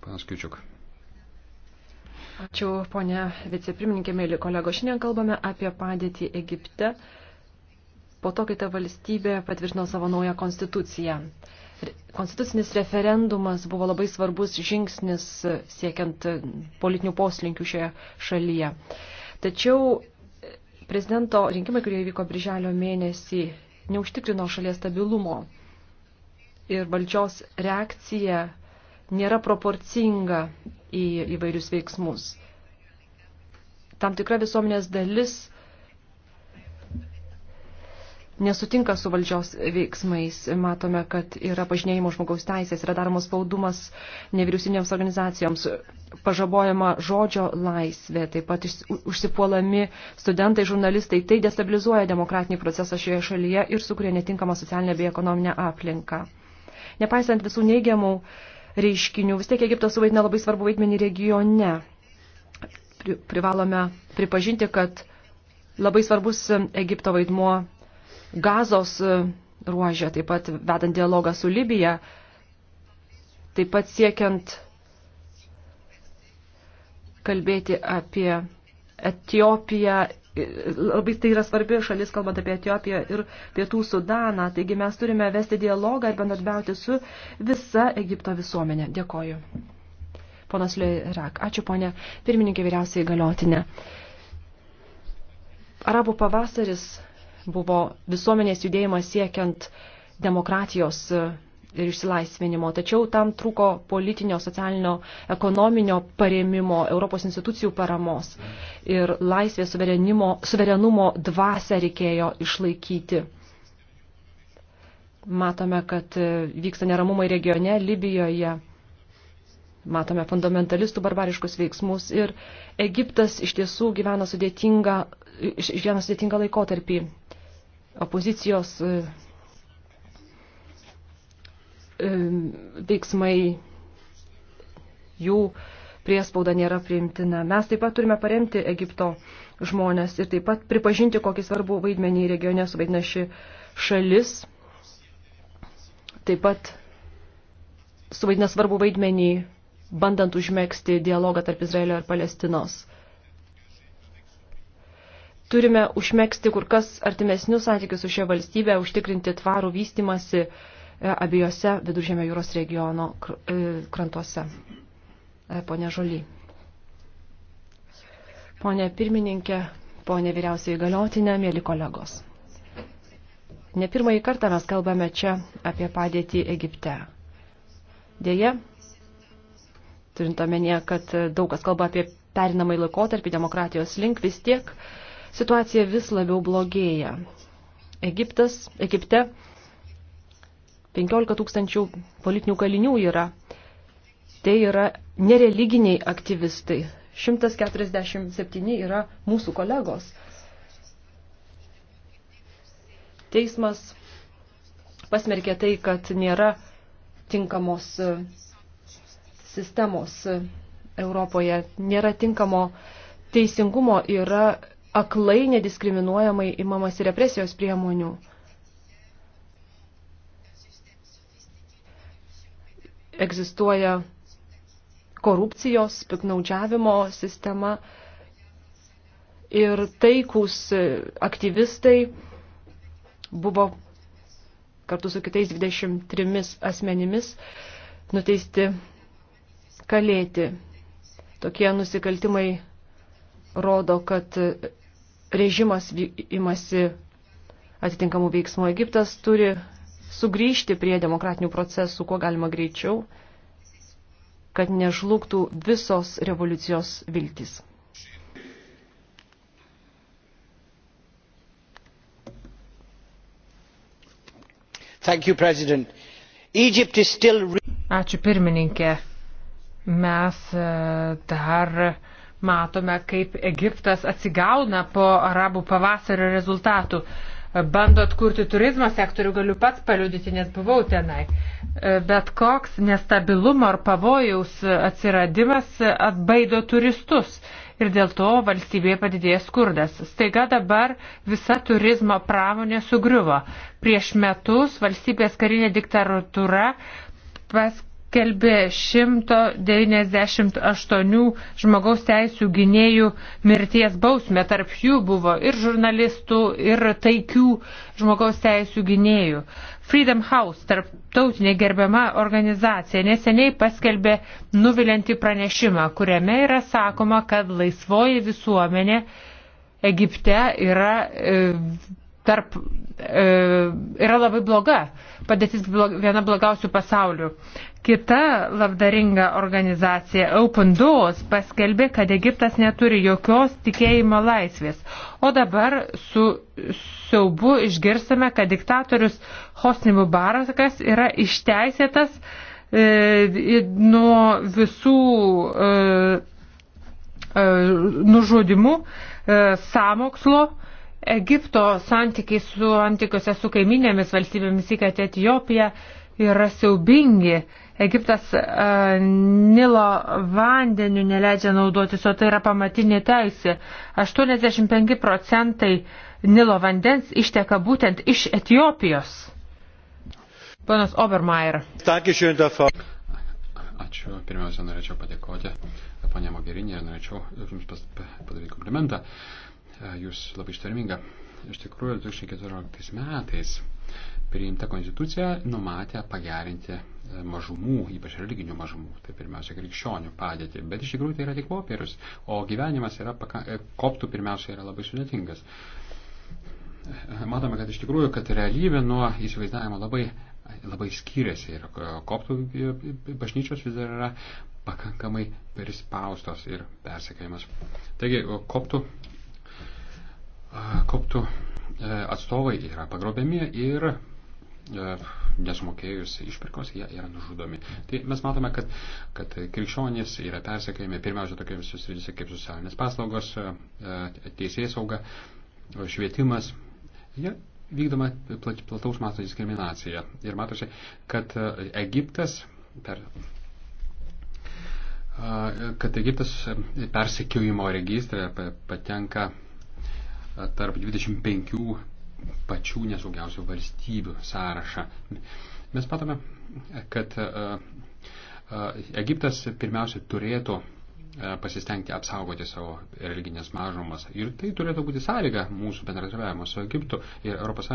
Panas Kiučiuk. Ačiū, ponė vicepirmininkė, mėly kolego. Šiandien kalbame apie padėtį Egipte po to, kai ta valstybė patvirtino savo naują konstituciją. Konstitucinis referendumas buvo labai svarbus žingsnis siekiant politinių poslinkių šioje šalyje. Tačiau prezidento rinkimai, kurie vyko birželio mėnesį, neužtikrino šalies stabilumo ir valdžios reakcija nėra proporcinga į įvairius veiksmus. Tam tikra visuomenės dalis nesutinka su valdžios veiksmais. Matome, kad yra pažinėjimo žmogaus teisės, yra daromas spaudimas nevyriausybinėms organizacijoms, pažabojama žodžio laisvė, taip pat užsipuolami studentai, žurnalistai. Tai destabilizuoja demokratinį procesą šioje šalyje ir sukuria netinkamą socialinę bei ekonominę aplinką. Nepaisant visų neigiamų reiškinių, vis tiek Egiptas suvaidina labai svarbu vaidmenį regione. Privalome pripažinti, kad labai svarbus Egipto vaidmuo gazos e, ruožė, taip pat vedant dialogą su Libija, taip pat siekiant kalbėti apie Etiopiją. E, labai tai yra svarbi šalis, kalbant apie Etiopiją ir Pietų Sudaną. Taigi mes turime vesti dialogą ir bendradarbiauti su visa Egipto visuomenė. Dėkoju. Ponas Lirak. Ačiū, ponė pirmininkė vyriausiai galiotinė. Arabų pavasaris buvo visuomenės judėjimas siekiant demokratijos e, ir išsilaisvinimo. Tačiau tam trūko politinio, socialinio, ekonominio paremimo, Europos institucijų paramos ir laisvės suverenumo dvasę reikėjo išlaikyti. Matome, kad e, vyksta neramumai regione, Libijoje. Matome fundamentalistų barbariškus veiksmus ir Egiptas iš tiesų gyvena sudėtingą, išgyvena sudėtingą laikotarpį opozicijos e, e, veiksmai, jų priespauda nėra priimtina. Mes taip pat turime paremti Egipto žmonės ir taip pat pripažinti, kokį svarbų vaidmenį regione suvaidina ši šalis. Taip pat suvaidina svarbų vaidmenį, bandant užmėgsti dialogą tarp Izraelio ir Palestinos turime užmėgsti kur kas artimesnius santykius su šia valstybė, užtikrinti tvarų vystimasi e, abiejose viduržėmio jūros regiono e, krantuose. E, pone Žoly. Pone pirmininkė, pone vyriausiai galiotinė, mėly kolegos. Ne pirmąjį kartą mes kalbame čia apie padėtį Egipte. Deja, turint omenyje, kad daug kas kalba apie perinamąjį laikotarpį demokratijos link, vis tiek uh, situacija vis labiau blogėja. Egiptas, Egipte 15 tūkstančių politinių kalinių yra. Tai yra nereliginiai aktyvistai. 147 yra mūsų kolegos. Teismas pasmerkė tai, kad nėra tinkamos e, sistemos e, Europoje, nėra tinkamo teisingumo, yra aklai nediskriminuojamai imamasi represijos priemonių. Egzistuoja korupcijos, piknaudžiavimo sistema ir taikus aktyvistai buvo kartu su kitais 23 asmenimis nuteisti kalėti. Tokie nusikaltimai rodo, kad režimas imasi atitinkamų veiksmų. Egiptas turi sugrįžti prie demokratinių procesų, kuo galima greičiau, kad nežlugtų visos revoliucijos viltis. You, still... Ačiū pirmininkė. Mes eh, dar Matome, kaip Egiptas atsigauna po arabų pavasario rezultatų. Bando atkurti turizmo sektorių, galiu pats paliudyti, nes buvau tenai. Bet koks nestabilumo ar pavojaus atsiradimas atbaido turistus ir dėl to valstybėje padidėjo skurdas. Staiga dabar visa turizmo pramonė sugriuvo. Prieš metus valstybės karinė diktatūra pas, paskelbė 198 žmogaus teisų gynėjų mirties bausmę. Tarp jų buvo ir žurnalistų, ir taikių žmogaus teisų gynėjų. Freedom House, tarptautinė gerbiama organizacija, neseniai paskelbė nuvilinti pranešimą, kuriame yra sakoma, kad laisvoji visuomenė Egipte yra. E, tarp, e, yra labai bloga, padėtis blog, viena blogiausių pasaulių. Kita labdaringa organizacija Open Doors paskelbė, kad Egiptas neturi jokios tikėjimo laisvės. O dabar su siaubu išgirsime, kad diktatorius Hosni Mubarakas yra išteisėtas e, nuo visų e, e, nužudimų, e, samokslo, e, Egipto santykiai su antikiuose su kaiminėmis valstybėmis, įkat Etijopija, yra siaubingi. Egiptas e, Nilo vandeniu neleidžia naudotis, o tai yra pamatinė teisė. 85 procentai Nilo vandens išteka būtent iš Etijopijos. Ponas Obermeier. Ačiū. Pirmiausia, norėčiau padėkoti ponė Mogerinė ir norėčiau jums padaryti komplimentą. Uh, E, jūs labai ištverminga. Iš tikrųjų, 2014 metais priimta konstitucija numatė pagerinti e, mažumų, ypač religinių mažumų, tai pirmiausia krikščionių padėtį, bet iš tikrųjų tai yra tik popierius, o gyvenimas yra paka, e, koptų pirmiausia yra labai sudėtingas. Matome, kad iš tikrųjų, kad realybė nuo įsivaizdavimo labai, labai skiriasi ir koptų bažnyčios vis dar yra pakankamai prispaustos ir persekėjimas. Taigi, koptų koptų e, atstovai yra pagrobiami ir e, nesumokėjus išpirkos jie yra nužudomi. Tai mes matome, kad, kad krikščionys yra persekėjami pirmiausia tokiamis sritise kaip socialinės paslaugos, e, teisės sauga, švietimas. Jie vykdoma plataus masto diskriminacija. Ir matosi, kad Egiptas per kad Egiptas persekiojimo registrą patenka E, tarp 25 pačių nesaugiausių valstybių sąrašą. Mes matome, kad e, e, Egiptas pirmiausia turėtų pasistengti apsaugoti savo religinės mažumas. Ir tai turėtų būti sąlyga mūsų bendradarbiavimo su Egiptu ir ES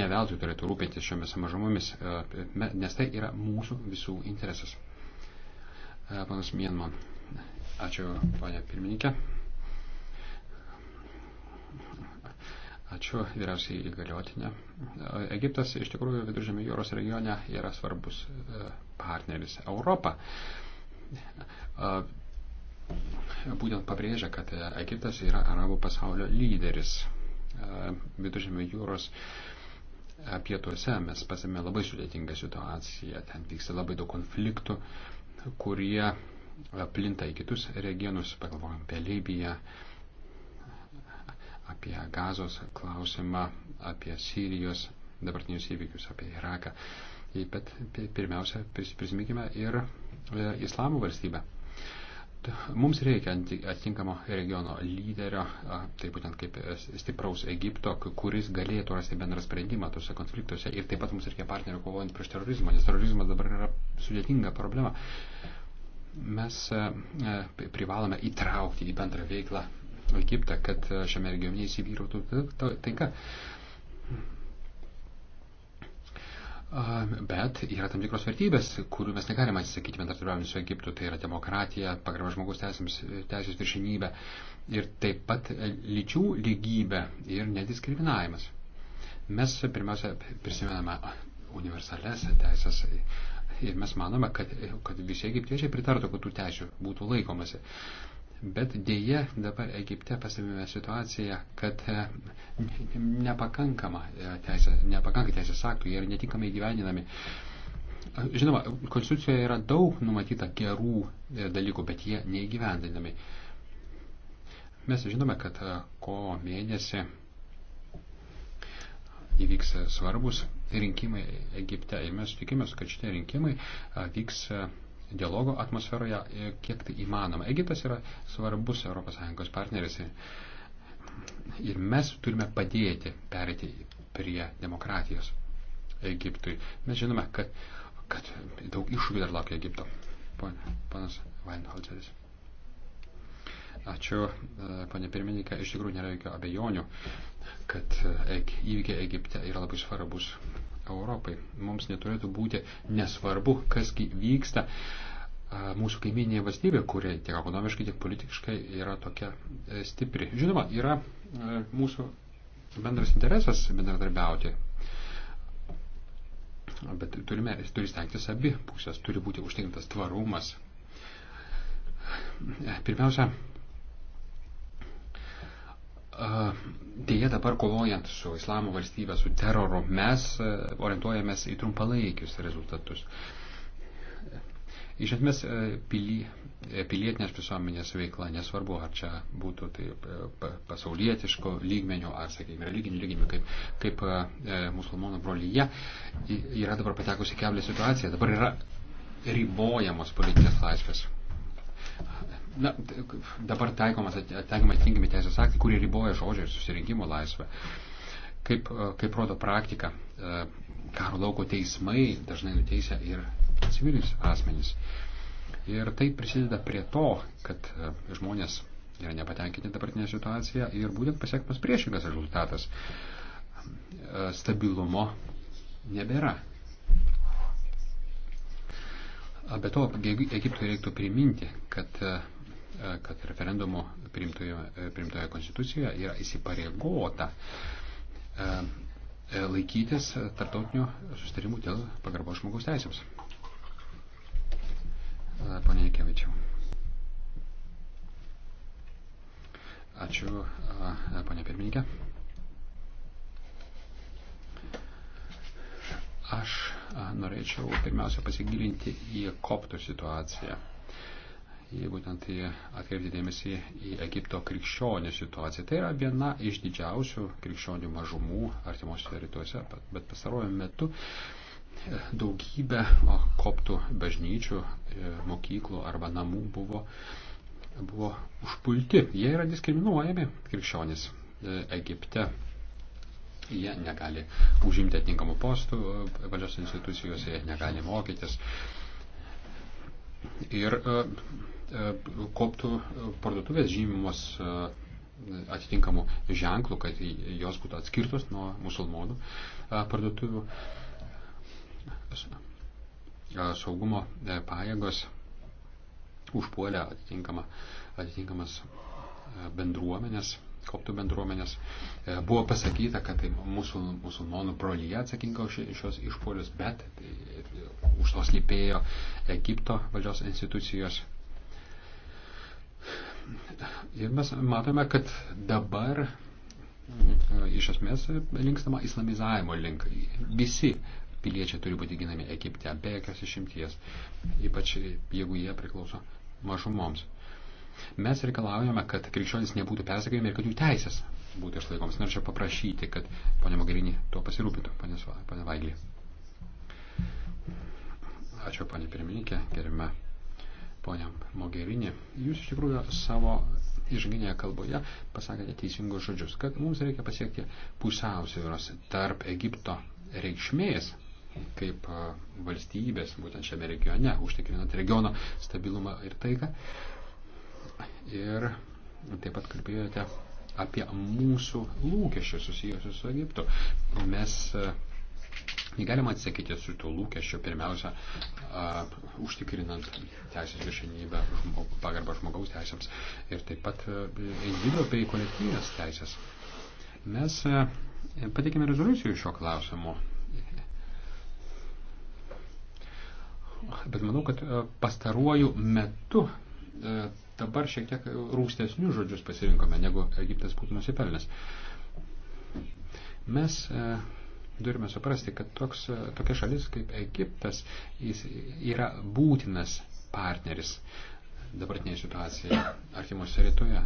neveltui turėtų rūpintis šiomis mažumomis, nes tai yra mūsų visų interesas. Panas Mienman. Ačiū, ponia pirmininkė. Ačiū vyriausiai įgaliotinė. Egiptas iš tikrųjų viduržėmio jūros regione yra svarbus e, partneris. Europa e, būtent pabrėžia, kad e, Egiptas yra arabų pasaulio lyderis. Viduržėmio jūros pietuose mes pasame labai sudėtingą situaciją. Ten vyksta labai daug konfliktų, kurie plinta į kitus regionus, pagalvojam apie Libiją, apie gazos klausimą, apie Sirijos dabartinius įvykius, apie Iraką. Bet pirmiausia, prisiminkime ir e, islamo valstybę. Mums reikia atitinkamo regiono lyderio, tai būtent kaip e, stipraus Egipto, kuris galėtų rasti bendrą sprendimą tuose konfliktuose. Ir taip pat mums reikia partnerio kovojant prieš terorizmą, nes terorizmas dabar yra sudėtinga problema. Mes e, privalome įtraukti į bendrą veiklą Egiptą, kad e, šiame regione įsivyrautų taika. Bet yra tam tikros vertybės, kurių mes negalime atsisakyti bendradarbiavimui su Egiptu. Tai yra demokratija, pagarba žmogus teisėms, e, teisės viršinybė ir taip pat e, lyčių lygybė ir nediskriminavimas. Mes pirmiausia prisimename universales teisės ir mes manome, kad, kad visi egiptiečiai pritartų, kad tų teisių būtų laikomasi. Uh, Bet dėje dabar Egipte pastebime situaciją, kad e, nepakankama e, teisė, nepakanka teisės aktų, jie yra netinkamai gyveninami. Žinoma, konstitucijoje yra daug numatyta gerų e, dalykų, bet jie neįgyvendinami. Mes žinome, kad kovo mėnesį įvyks svarbus rinkimai Egipte ir mes tikimės, kad šitie rinkimai vyks dialogo atmosferoje, e, kiek tai įmanoma. Egiptas yra svarbus ES partneris ir mes turime padėti perėti prie demokratijos Egiptui. Mes žinome, kad, kad daug iššūkių dar laukia Egipto. Pone, panas Weinholzeris. Ačiū, e, panė pirmininkė. Iš tikrųjų nėra jokio abejonių, kad e, įvykiai Egipte yra labai svarbus Europai. Mums neturėtų būti nesvarbu, kasgi vyksta mūsų kaiminėje valstybė, kuri tiek ekonomiškai, tiek politiškai yra tokia e, stipri. Žinoma, yra e, mūsų bendras interesas bendradarbiauti. Bet turime, turi stengtis abi pusės, turi būti užtikrintas tvarumas. Pirmiausia, Deja dabar kovojant su islamo valstybė, su teroru, mes orientuojamės į trumpalaikius rezultatus. Iš esmės pili, e, pilietinės visuomenės veikla, nesvarbu, ar čia būtų tai e, pasaulietiško lygmenio, ar, sakykime, religinio lygmenio, kaip, kaip e, musulmonų brolyje, yra dabar patekusi keblė situacija. Dabar yra ribojamos politinės laisvės. Na, dabar taikomas, taikomas tinkami teisės aktai, kurie riboja žodžio ir susirinkimo laisvę. Kaip, e, kaip rodo praktika, e, karo lauko teismai dažnai nuteisia ir civilius asmenys. Ir tai prisideda prie to, kad e, žmonės yra nepatenkinti dabartinė situacija ir būtent pasiektas priešingas rezultatas. Stabilumo nebėra. Be to, Egiptui reiktų priminti, kad kad referendumo priimtoje, priimtoje konstitucijoje yra įsipareigota e, e, laikytis tartautinio sustarimų dėl pagarbos žmogaus teisėms. E, pane Kevičiau. Ačiū, pane pirmininkė. Aš norėčiau pirmiausia pasigilinti į koptų situaciją į būtent į atkreipti dėmesį į Egipto krikščionių situaciją. Tai yra viena iš didžiausių krikščionių mažumų artimuose rytuose, bet, bet pasarojame metu e, daugybė koptų bažnyčių, e, mokyklų arba namų buvo, buvo užpulti. Jie yra diskriminuojami krikščionys e, Egipte. Jie negali užimti atinkamų postų valdžios institucijose, jie negali mokytis. Ir uh, E, koptų e, parduotuvės žymimos e, atitinkamų ženklų, kad jos būtų atskirtos nuo musulmonų parduotuvių. Saugumo pajėgos užpuolė atitinkama, atitinkamas bendruomenės, koptų bendruomenės. Buvo pasakyta, kad tai musul, musulmonų brolyje atsakinga už šios išpolius, bet už to slypėjo Egipto valdžios institucijos Ir mes matome, kad dabar iš esmės linkstama islamizavimo link. Visi piliečiai turi būti ginami Egipte, be jokios išimties, ypač jeigu jie priklauso mažumoms. Mes reikalaujame, kad krikščionys nebūtų persekiojami ir kad jų teisės būtų išlaikomas. Norėčiau paprašyti, kad ponia Magarinė tuo pasirūpintų, ponia Vaiglė. Ačiū, ponia pirmininkė, gerime ponia Mogherini, jūs iš tikrųjų savo išginėje kalboje pasakėte teisingus žodžius, kad mums reikia pasiekti pusiausvyros tarp Egipto reikšmės kaip valstybės, būtent šiame regione, užtikrinant regiono stabilumą ir taiką. Ir taip pat kalbėjote apie mūsų lūkesčius susijusius su Egiptu. Mes Negalima atsakyti su tuo lūkesčiu, pirmiausia, a, užtikrinant teisės viršenybę, žmog, pagarbą žmogaus teisėms ir taip pat individuo bei kolektyvinės teisės. Mes a, pateikėme rezoliucijų šio klausimu. Bet manau, kad pastaruoju metu a, dabar šiek tiek rūstesnių žodžius pasirinkome, negu Egiptas būtų nusipelnęs. Mes a, Turime suprasti, kad toks, tokia šalis kaip Egiptas yra būtinas partneris dabartinėje situacijoje artimuose rytuose.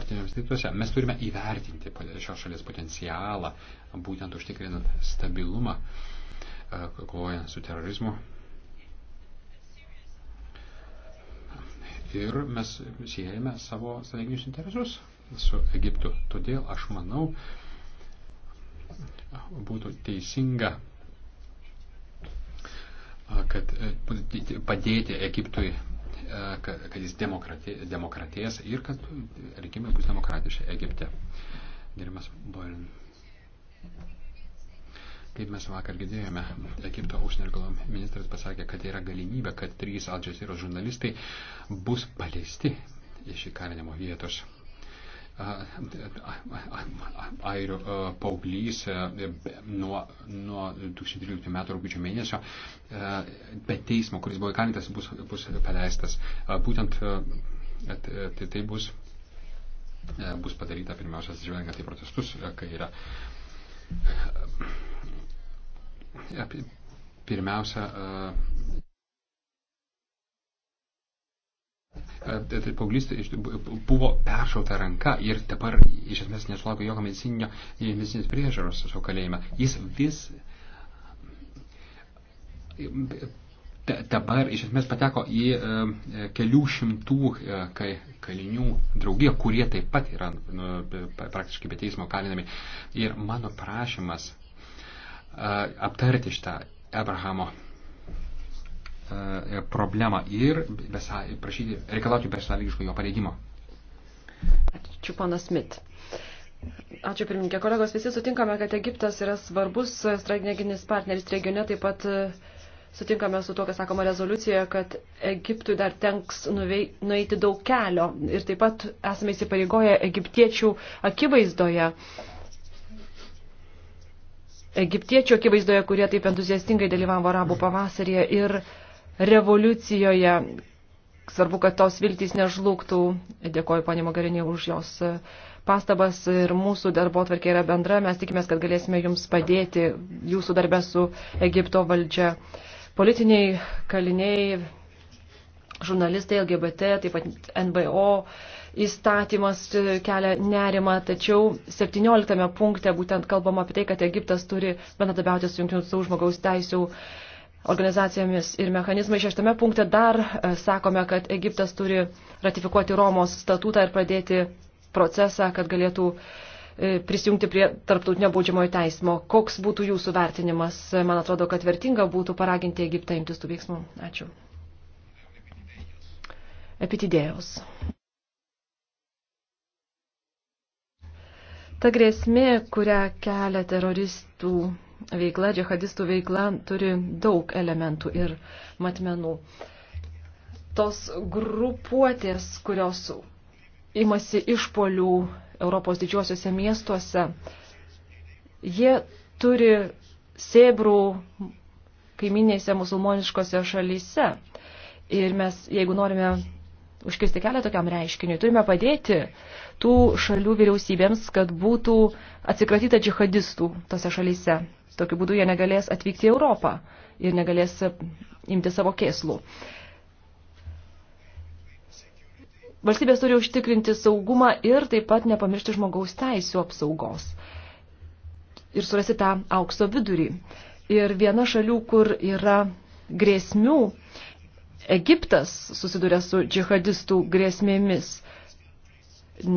Artimuose rytuose mes turime įvertinti šios šalies potencialą, būtent užtikrinant stabilumą, e, kovojant su terorizmu. Ir mes siejame savo strateginius interesus su Egiptu. Todėl aš manau, būtų teisinga kad e, padėti Egiptui, e, kad, kad jis demokratė, demokratės ir kad rinkimai bus demokratiški Egipte. Gerimas Boilin. Kaip mes vakar girdėjome, Egipto užsienio reikalų ministras pasakė, kad yra galimybė, kad trys Al Jazeera žurnalistai bus paleisti iš įkalinimo vietos airių paauglys nuo, nuo 2013 metų rūpiučio mėnesio be teismo, kuris buvo įkalintas, bus, bus paleistas. Būtent tai, tai bus, bus padaryta pirmiausia atsižvelgiant į protestus, kai yra pirmiausia Tai, tai paauglystė buvo peršauta ranka ir dabar iš esmės nesulaukia jokio medicininio, medicininės priežiūros savo kalėjime. Jis vis dabar iš esmės pateko į e, kelių šimtų e, kai, kalinių draugiją, kurie taip pat yra nu, praktiškai be teismo kalinami. Ir mano prašymas e, aptarti šitą Abrahamo E, e, problemą ir besa, prašyti, reikalauti besąlygiško jo pareigimo. Ačiū, ponas Smith. Ačiū, pirmininkė. Kolegos, visi sutinkame, kad Egiptas yra svarbus strateginis partneris regione, taip pat e, sutinkame su to, kas sakoma rezoliucijoje, kad Egiptui dar tenks nuvei, nueiti daug kelio ir taip pat esame įsipareigoję egiptiečių akivaizdoje. Egiptiečių akivaizdoje, kurie taip entuziastingai dalyvavo arabų pavasarėje ir uh, revoliucijoje. Svarbu, kad tos viltys nežlugtų. Dėkoju ponė Magarinė už jos pastabas ir mūsų darbo tvarkė yra bendra. Mes tikimės, kad galėsime jums padėti jūsų darbę su Egipto valdžia. Politiniai kaliniai, žurnalistai LGBT, taip pat NBO įstatymas kelia nerimą, tačiau 17 punkte būtent kalbama apie tai, kad Egiptas turi bendradabiauti su Junktinių tautų žmogaus teisų organizacijomis ir mechanizmai. Šeštame punkte dar e, sakome, kad Egiptas turi ratifikuoti Romos statutą ir pradėti procesą, kad galėtų e, prisijungti prie tarptautinio baudžiamojo teismo. Koks būtų jūsų vertinimas? Man atrodo, kad vertinga būtų paraginti Egiptą imtis tų veiksmų. Ačiū. Epitidėjos. Ta grėsmė, kurią kelia teroristų veikla, džihadistų veikla turi daug elementų ir matmenų. Tos grupuotės, kurios imasi išpolių Europos didžiuosiuose miestuose, jie turi sėbrų kaiminėse musulmoniškose šalyse. Ir mes, jeigu norime užkirsti kelią tokiam reiškiniui. Turime padėti tų šalių vyriausybėms, kad būtų atsikratyta džihadistų tose šalyse. Tokiu būdu jie negalės atvykti į Europą ir negalės imti savo kėslų. Valstybės turi užtikrinti saugumą ir taip pat nepamiršti žmogaus teisų apsaugos. Ir surasi tą aukso vidurį. Ir viena šalių, kur yra grėsmių, Egiptas susiduria su džihadistų grėsmėmis,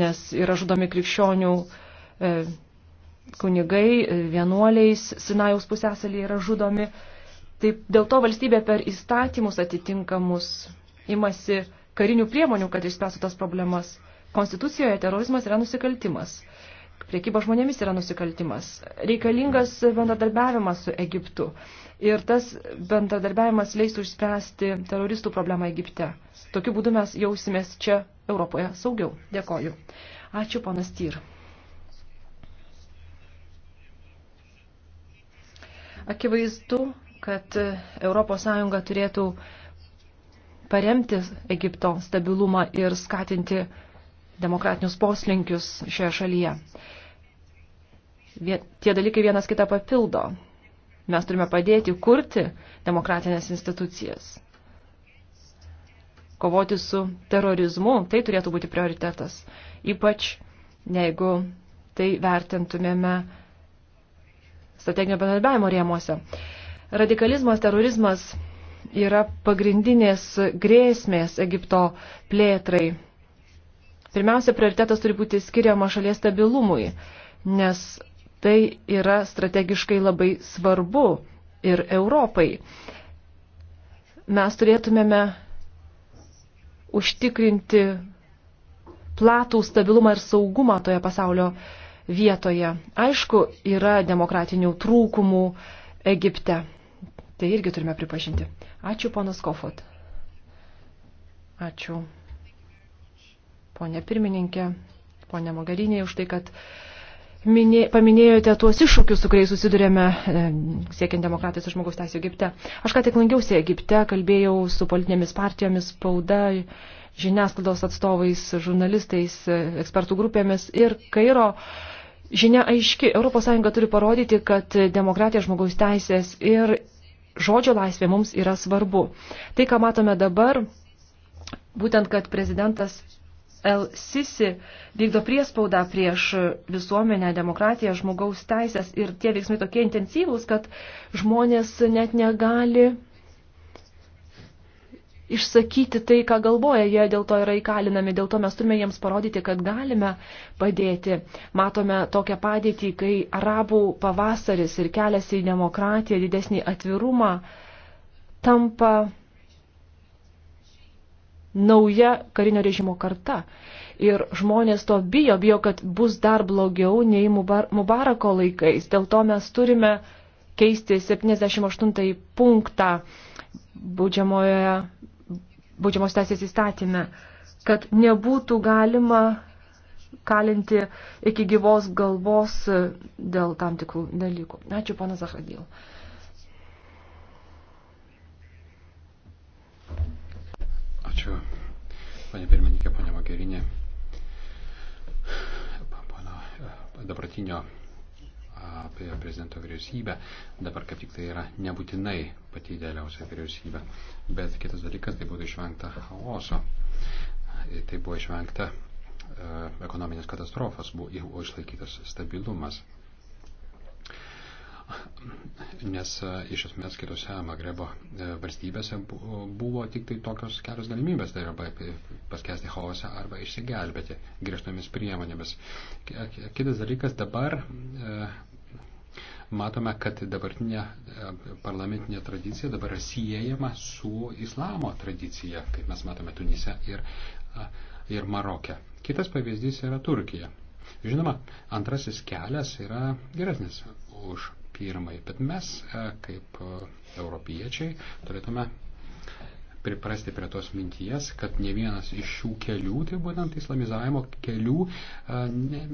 nes yra žudomi krikščionių e, kunigai, e, vienuoliais, Sinajaus pusėsalyje yra žudomi. Taip, dėl to valstybė per įstatymus atitinkamus imasi karinių priemonių, kad išspręstų tas problemas. Konstitucijoje terorizmas yra nusikaltimas. Priekyba žmonėmis yra nusikaltimas. Reikalingas bendradarbiavimas su Egiptu. Ir tas bendradarbiavimas leis užspręsti teroristų problemą Egipte. Tokiu būdu mes jausimės čia Europoje saugiau. Dėkoju. Ačiū, ponas Tyr. Akivaizdu, kad ES turėtų paremti Egipto stabilumą ir skatinti demokratinius poslinkius šioje šalyje. Tie dalykai vienas kitą papildo. Mes turime padėti kurti demokratinės institucijas. Kovoti su terorizmu, tai turėtų būti prioritetas. Ypač jeigu tai vertintumėme strateginio bendradarbiavimo rėmuose. Radikalizmas, terorizmas yra pagrindinės grėsmės Egipto plėtrai Pirmiausia, prioritetas turi būti skiriama šalies stabilumui, nes tai yra strategiškai labai svarbu ir Europai. Mes turėtumėme užtikrinti platų stabilumą ir saugumą toje pasaulio vietoje. Aišku, yra demokratinių trūkumų Egipte. Tai irgi turime pripažinti. Ačiū, ponas Kofot. Ačiū ponė pirmininkė, ponė Mogarinė, už tai, kad Minė, paminėjote tuos iššūkius, su kuriais susidurėme e, siekiant demokratijos ir žmogaus teisų Egipte. Aš ką tik lankiausi Egipte, kalbėjau su politinėmis partijomis, spauda, žiniasklaidos atstovais, žurnalistais, e, ekspertų grupėmis ir Kairo. Žinia aiški, ES turi parodyti, kad demokratija, žmogaus teisės ir žodžio laisvė mums yra svarbu. Tai, ką matome dabar, būtent, kad prezidentas El-Sisi vykdo priespaudą prieš visuomenę, demokratiją, žmogaus teisės ir tie veiksmai tokie intensyvūs, kad žmonės net negali išsakyti tai, ką galvoja, jie dėl to yra įkalinami, dėl to mes turime jiems parodyti, kad galime padėti. Matome tokią padėtį, kai arabų pavasaris ir kelias į demokratiją, didesnį atvirumą tampa nauja karinio režimo karta. Ir žmonės to bijo, bijo, kad bus dar blogiau nei Mubarako laikais. Dėl to mes turime keisti 78 punktą baudžiamos teisės įstatymę, kad nebūtų galima kalinti iki gyvos galvos dėl tam tikrų dalykų. Ačiū, pana Zahadil. Ačiū, panė pirmininkė, panė Vagerinė. Pano e, dabartinio apie prezidento vyriausybę, dabar kaip tik tai yra nebūtinai pati idealiausia vyriausybė. Bet kitas dalykas, tai būtų išvengta chaoso. E, tai buvo išvengta e, ekonominės katastrofos, buvo išlaikytas stabilumas nes e, iš esmės kitose Magrebo e, valstybėse buvo tik tai tokios kelios galimybės, tai arba paskesti chaose arba išsigelbėti griežtomis priemonėmis. Kitas dalykas dabar e, matome, kad dabartinė parlamentinė tradicija dabar siejama su islamo tradicija, kaip mes matome Tunise ir, ir Maroke. Kitas pavyzdys yra Turkija. Žinoma, antrasis kelias yra geresnis už firmai. Bet mes, e, kaip e, europiečiai, turėtume priprasti prie tos minties, kad ne vienas iš šių kelių, tai būtent islamizavimo kelių, e, ne,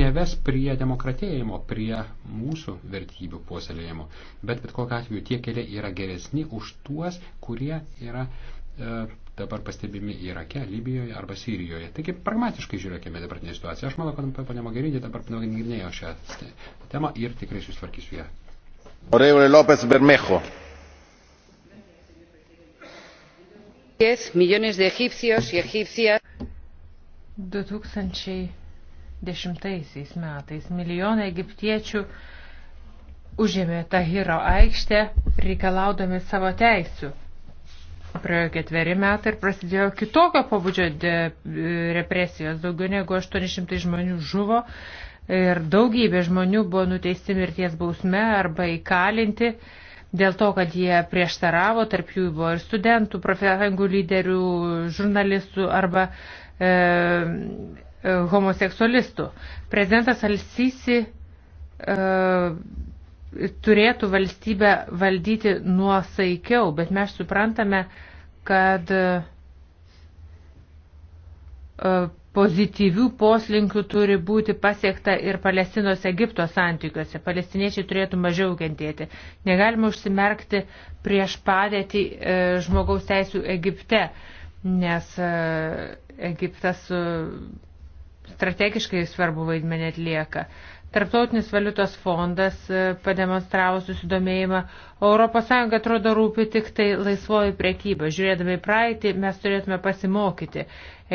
neves prie demokratėjimo, prie mūsų vertybių puoselėjimo. Bet bet kokiu atveju tie keliai yra geresni už tuos, kurie yra e, dabar pastebimi Irake, Libijoje arba Sirijoje. Taigi pragmatiškai žiūrėkime dabartinę situaciją. Aš manau, kad ponia Mogherini dabar nagrinėjo šią temą ir tikrai susitvarkysiu ją. Oreule López Bermejo. millones de egipcios y egipcias. 2010 metais milijonai egiptiečių užėmė Tahiro aikštę reikalaudami savo teisių. Praėjo ketveri metai ir prasidėjo kitokio pabudžio e, represijos. Daugiau negu 800 žmonių žuvo ir daugybė žmonių buvo nuteisti mirties bausme arba įkalinti dėl to, kad jie prieštaravo, tarp jų buvo ir studentų, profesorių lyderių, žurnalistų arba e, e homoseksualistų. Prezidentas Alsisi e, turėtų valstybę valdyti nuosaikiau, bet mes suprantame, kad e, pozityvių poslinkių turi būti pasiekta ir Palestinos Egipto santykiuose. Palestiniečiai turėtų mažiau kentėti. Negalima užsimerkti prieš padėtį e, žmogaus teisų Egipte, nes e, Egiptas e, strategiškai svarbu vaidmenį atlieka. E, Tarptautinis valiutos fondas e, pademonstravo susidomėjimą. ES atrodo rūpi tik tai laisvoji prekyba. Žiūrėdami praeitį, mes turėtume pasimokyti.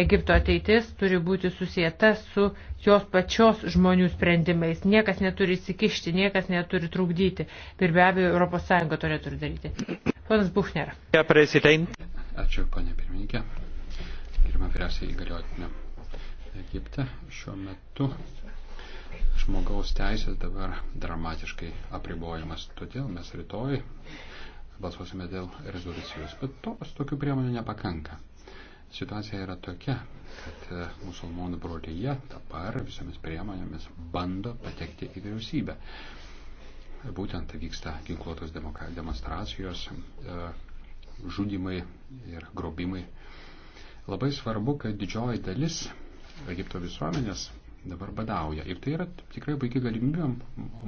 Egipto ateitis turi būti susijęta su jos pačios žmonių sprendimais. Niekas neturi įsikišti, niekas neturi trukdyti. Ir be abejo, ES turėtų daryti. Ponas Buchner. Ačiū, ponė pirmininkė. Gerbama vyriausiai įgaliotinė Egipte šiuo metu žmogaus teisės dabar dramatiškai apribojamas. Todėl mes rytoj balsuosime dėl rezoliucijos. Bet tos tokių priemonių nepakanka. Situacija yra tokia, kad e, musulmonų brolyje dabar visomis priemonėmis bando patekti į vyriausybę. Būtent vyksta ginkluotos demonstracijos, e, žudimai ir grobimai. Labai svarbu, kad didžioji dalis Egipto visuomenės dabar badauja. Ir tai yra tikrai puikiai galimybė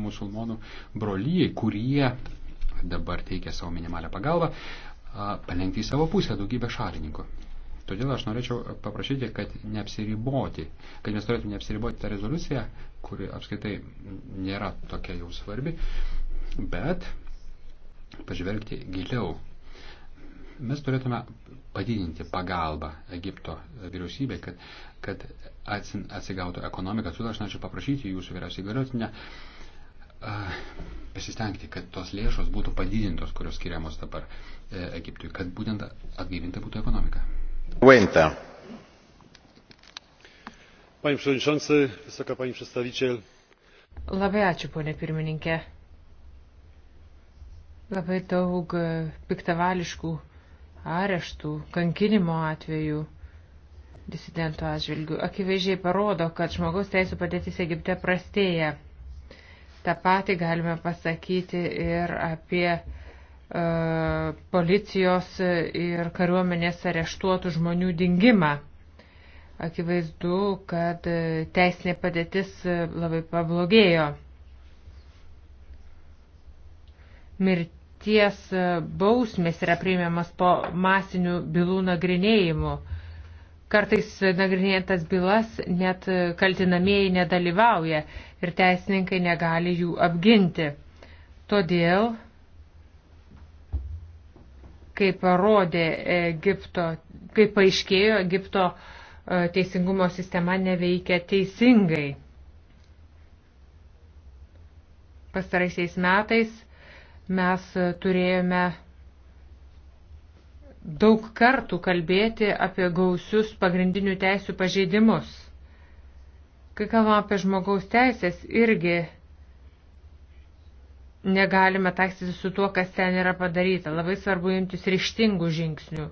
musulmonų brolyjei, kurie dabar teikia savo minimalę pagalbą, palengti į savo pusę daugybę šalininkų. Todėl aš norėčiau paprašyti, kad neapsiriboti, kad mes turėtume neapsiriboti tą rezoliuciją, kuri apskaitai nėra tokia jau svarbi, bet pažvelgti giliau Mes turėtume padidinti pagalbą Egipto vyriausybei, kad, kad atsigautų ekonomika. Todėl aš norėčiau paprašyti jūsų vyriausiai galiotinę pasistengti, kad tos lėšos būtų padidintos, kurios skiriamos dabar e, Egiptui, kad būtent atgaivinta būtų ekonomika. Winter. Panie Przewodniczący, Wysoka Pani Przedstawiciel. Labai ačiū, ponė pirmininkė. Labai daug e, piktavališkų areštų, kankinimo atvejų disidentų atžvilgių akivaizdžiai parodo, kad žmogaus teisų padėtis Egipte prastėja. Ta patį galime pasakyti ir apie e, policijos ir kariuomenės areštuotų žmonių dingimą. Akivaizdu, kad e, teisinė padėtis e, labai pablogėjo. Mirti mirties e, bausmės yra priimamas po masinių bylų nagrinėjimų. Kartais nagrinėjantas bylas net kaltinamieji nedalyvauja ir teisininkai negali jų apginti. Todėl, kaip parodė Egipto, kaip paaiškėjo, Egipto e, teisingumo sistema neveikia teisingai. Pastaraisiais metais Mes turėjome daug kartų kalbėti apie gausius pagrindinių teisų pažeidimus. Kai kalbame apie žmogaus teisės, irgi negalime taksyti su tuo, kas ten yra padaryta. Labai svarbu imtis ryštingų žingsnių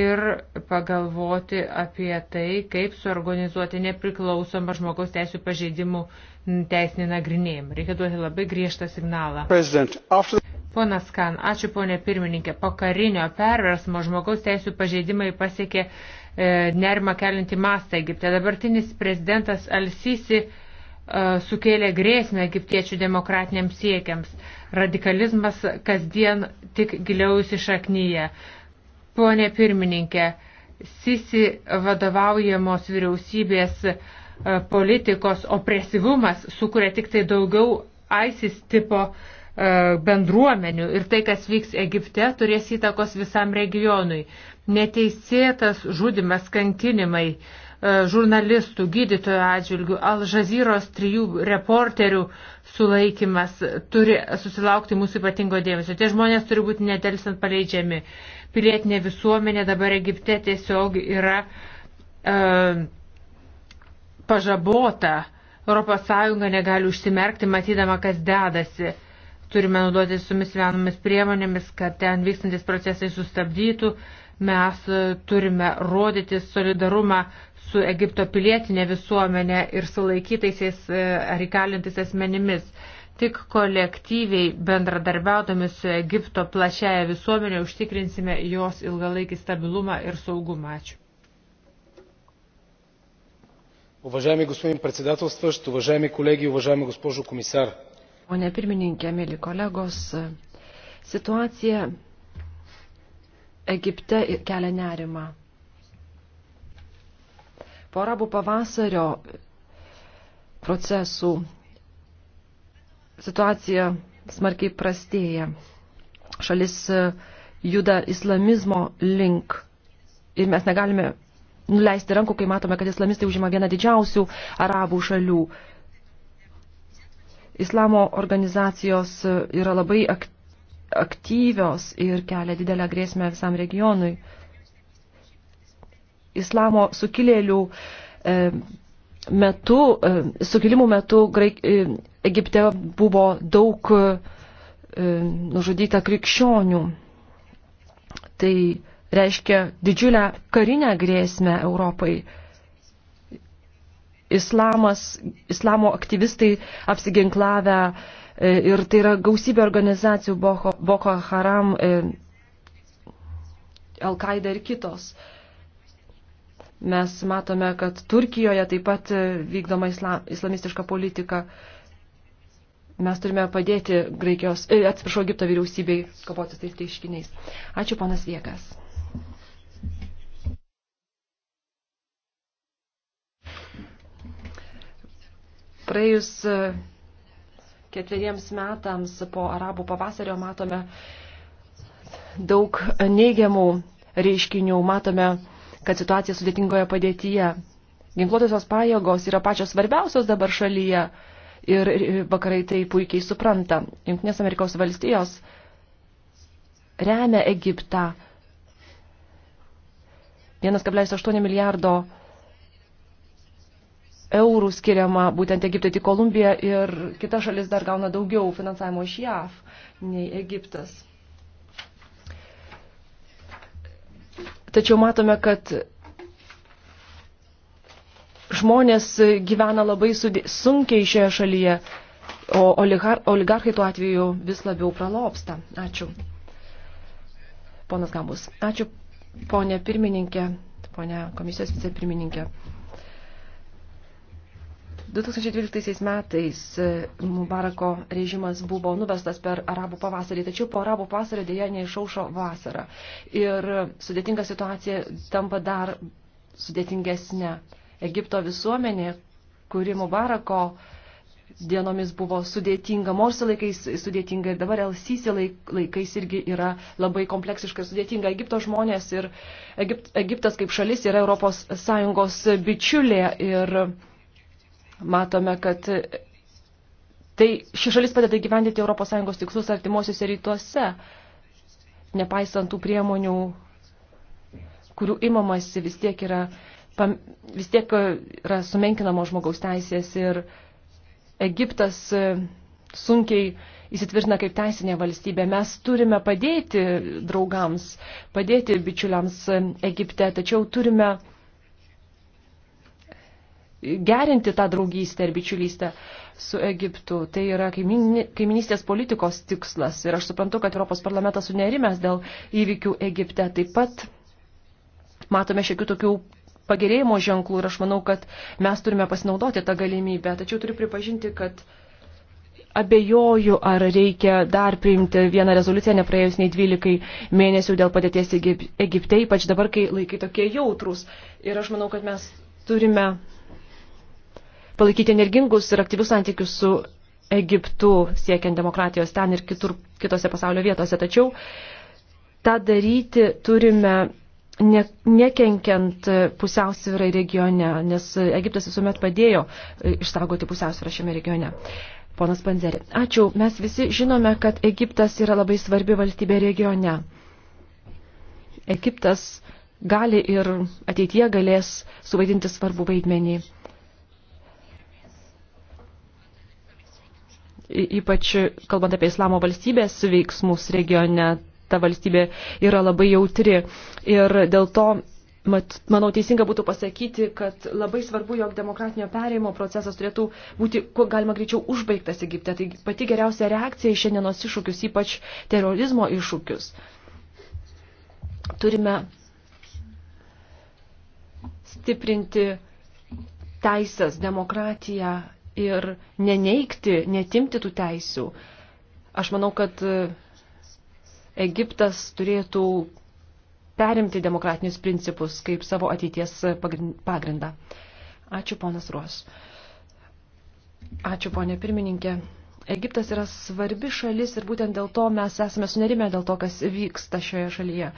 ir pagalvoti apie tai, kaip suorganizuoti nepriklausomą žmogaus teisų pažeidimų teisinį nagrinėjimą. Reikia duoti labai griežtą signalą. After... Ponas Kan, ačiū ponė pirmininkė. Po karinio perversmo žmogaus teisų pažeidimai pasiekė e, nerima kelinti mastą Egipte. Dabartinis prezidentas Alsisi e, sukėlė grėsmę egiptiečių demokratiniams siekiams. Radikalizmas kasdien tik giliau įsišaknyje. Pone pirmininkė, Sisi vadovaujamos vyriausybės E, politikos opresyvumas sukuria tik tai daugiau ISIS tipo e, bendruomenių ir tai, kas vyks Egipte, turės įtakos visam regionui. Neteisėtas žudimas, kankinimai e, žurnalistų, gydytojų atžvilgių, Alžazyros trijų reporterių sulaikimas turi susilaukti mūsų ypatingo dėmesio. Tie žmonės turi būti nedelsant paleidžiami. Pilietinė visuomenė dabar Egipte tiesiog yra uh, pažabota. ES negali užsimerkti, matydama, kas dedasi. Turime naudoti visomis vienomis priemonėmis, kad ten vykstantis procesai sustabdytų. Mes e, turime rodyti solidarumą su Egipto pilietinė visuomenė ir sulaikytaisiais e, ar įkalintais asmenimis. Tik kolektyviai bendradarbiaudami su Egipto plačiaja visuomenė užtikrinsime jos ilgalaikį stabilumą ir saugumą. Ačiū. Уважаеми господин председателстващ, уважаеми колеги, уважаема госпожо комисар. Pone pirmininkė, mėly kolegos, situacija Egipte kelia nerimą. Po arabų pavasario procesų situacija smarkiai prastėja. Šalis juda islamizmo link ir mes negalime nuleisti rankų, kai matome, kad islamistai užima vieną didžiausių arabų šalių. Islamo organizacijos yra labai ak aktyvios ir kelia didelę grėsmę visam regionui. Islamo sukilėlių e, metu, e, sukilimų metu Graik e, Egipte buvo daug e, nužudyta krikščionių. Tai reiškia didžiulę karinę grėsmę Europai. Islamas, islamo aktyvistai apsiginklavę e, ir tai yra gausybė organizacijų Boko, Boko Haram, e, Al-Qaeda ir kitos. Mes matome, kad Turkijoje taip pat e, vykdoma islam, islamistiška politika mes turime padėti Graikijos, atsiprašau, Egipto vyriausybei kovoti su tais teiškiniais. Ačiū, ponas Viekas. Praėjus e, ketveriems metams po arabų pavasario matome daug neigiamų reiškinių, matome, kad situacija sudėtingoje padėtyje. Ginkluotosios pajėgos yra pačios svarbiausios dabar šalyje ir vakarai tai puikiai supranta. Junktinės Amerikos valstijos remia Egiptą 1,8 milijardo eurų eurų skiriama būtent Egiptui, tik Kolumbija ir kita šalis dar gauna daugiau finansavimo iš JAV nei Egiptas. Tačiau matome, kad žmonės gyvena labai sunkiai šioje šalyje, o oligarchai tuo atveju vis labiau pralopsta. Ačiū. Ponas Gambus. Ačiū, ponė pirmininkė, ponė komisijos vicepirmininkė. 2012 metais e, Mubarako režimas buvo nuvestas per arabų pavasarį, tačiau po arabų pavasario dėja neišaušo vasarą. Ir sudėtinga situacija tampa dar sudėtingesnė. Egipto visuomenė, kuri Mubarako dienomis buvo sudėtinga, Morsi laikais sudėtinga ir dabar Elsisi laikais irgi yra labai kompleksiška ir sudėtinga. Egipto žmonės ir Egipt, Egiptas kaip šalis yra Europos Sąjungos bičiulė ir matome, kad tai ši šalis padeda gyvendyti ES tikslus artimuosiuose rytuose, nepaisant tų priemonių, kurių imamasi vis tiek yra, vis tiek yra sumenkinamos žmogaus teisės ir Egiptas e, sunkiai įsitvirtina kaip teisinė valstybė. Mes turime padėti draugams, padėti bičiuliams e, Egipte, tačiau turime gerinti tą draugystę ir bičiulystę su Egiptu. Tai yra kaiminystės politikos tikslas. Ir aš suprantu, kad Europos parlamentas sunerimęs dėl įvykių Egipte. Taip pat matome šiokių tokių pagerėjimo ženklų ir aš manau, kad mes turime pasinaudoti tą galimybę. Tačiau turiu pripažinti, kad abejoju, ar reikia dar priimti vieną rezoliuciją, nepraėjus nei 12 mėnesių dėl padėties Egipte, ypač dabar, kai laikai tokie jautrus. Ir aš manau, kad mes turime palaikyti energingus ir aktyvius santykius su Egiptu, siekiant demokratijos ten ir kitur, kitose pasaulio vietose. Tačiau tą daryti turime ne, nekenkiant pusiausvyrai regione, nes Egiptas visuomet padėjo išsaugoti pusiausvyrą šiame regione. Ponas Panzeri, ačiū. Mes visi žinome, kad Egiptas yra labai svarbi valstybė regione. Egiptas gali ir ateityje galės suvaidinti svarbų vaidmenį. ypač kalbant apie islamo valstybės veiksmus regione, ta valstybė yra labai jautri. Ir dėl to, mat, manau, teisinga būtų pasakyti, kad labai svarbu, jog demokratinio perėjimo procesas turėtų būti, kuo galima greičiau, užbaigtas Egipte. Tai pati geriausia reakcija į šiandienos iššūkius, ypač terorizmo iššūkius. Turime stiprinti teisės, demokratiją ir neneikti, netimti tų teisių. Aš manau, kad e, Egiptas turėtų perimti demokratinius principus kaip savo ateities pagrindą. Ačiū, ponas Ruos. Ačiū, ponė pirmininkė. Egiptas yra svarbi šalis ir būtent dėl to mes esame sunerimę dėl to, kas vyksta šioje šalyje.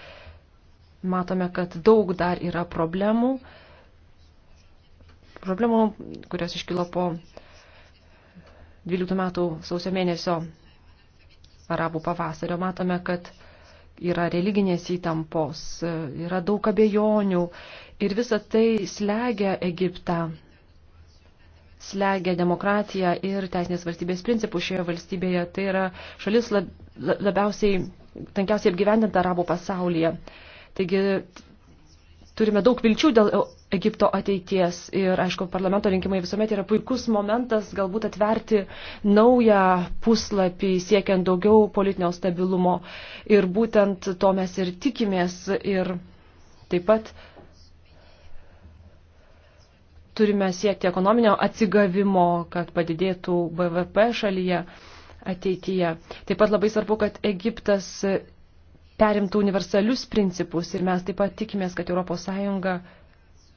Matome, kad daug dar yra problemų, problemų, kurios iškilo po 12 metų sausio mėnesio arabų pavasario matome, kad yra religinės įtampos, yra daug abejonių ir visa tai slegia Egiptą, slegia demokratiją ir teisinės valstybės principų šioje valstybėje. Tai yra šalis labiausiai, tankiausiai apgyvendinta arabų pasaulyje. Taigi turime daug vilčių dėl e- Egipto ateities ir, aišku, parlamento rinkimai visuomet yra puikus momentas galbūt atverti naują puslapį siekiant daugiau politinio stabilumo ir būtent to mes ir tikimės ir taip pat turime siekti ekonominio atsigavimo, kad padidėtų BVP šalyje ateityje. Taip pat labai svarbu, kad Egiptas perimtų universalius principus ir mes taip pat tikimės, kad ES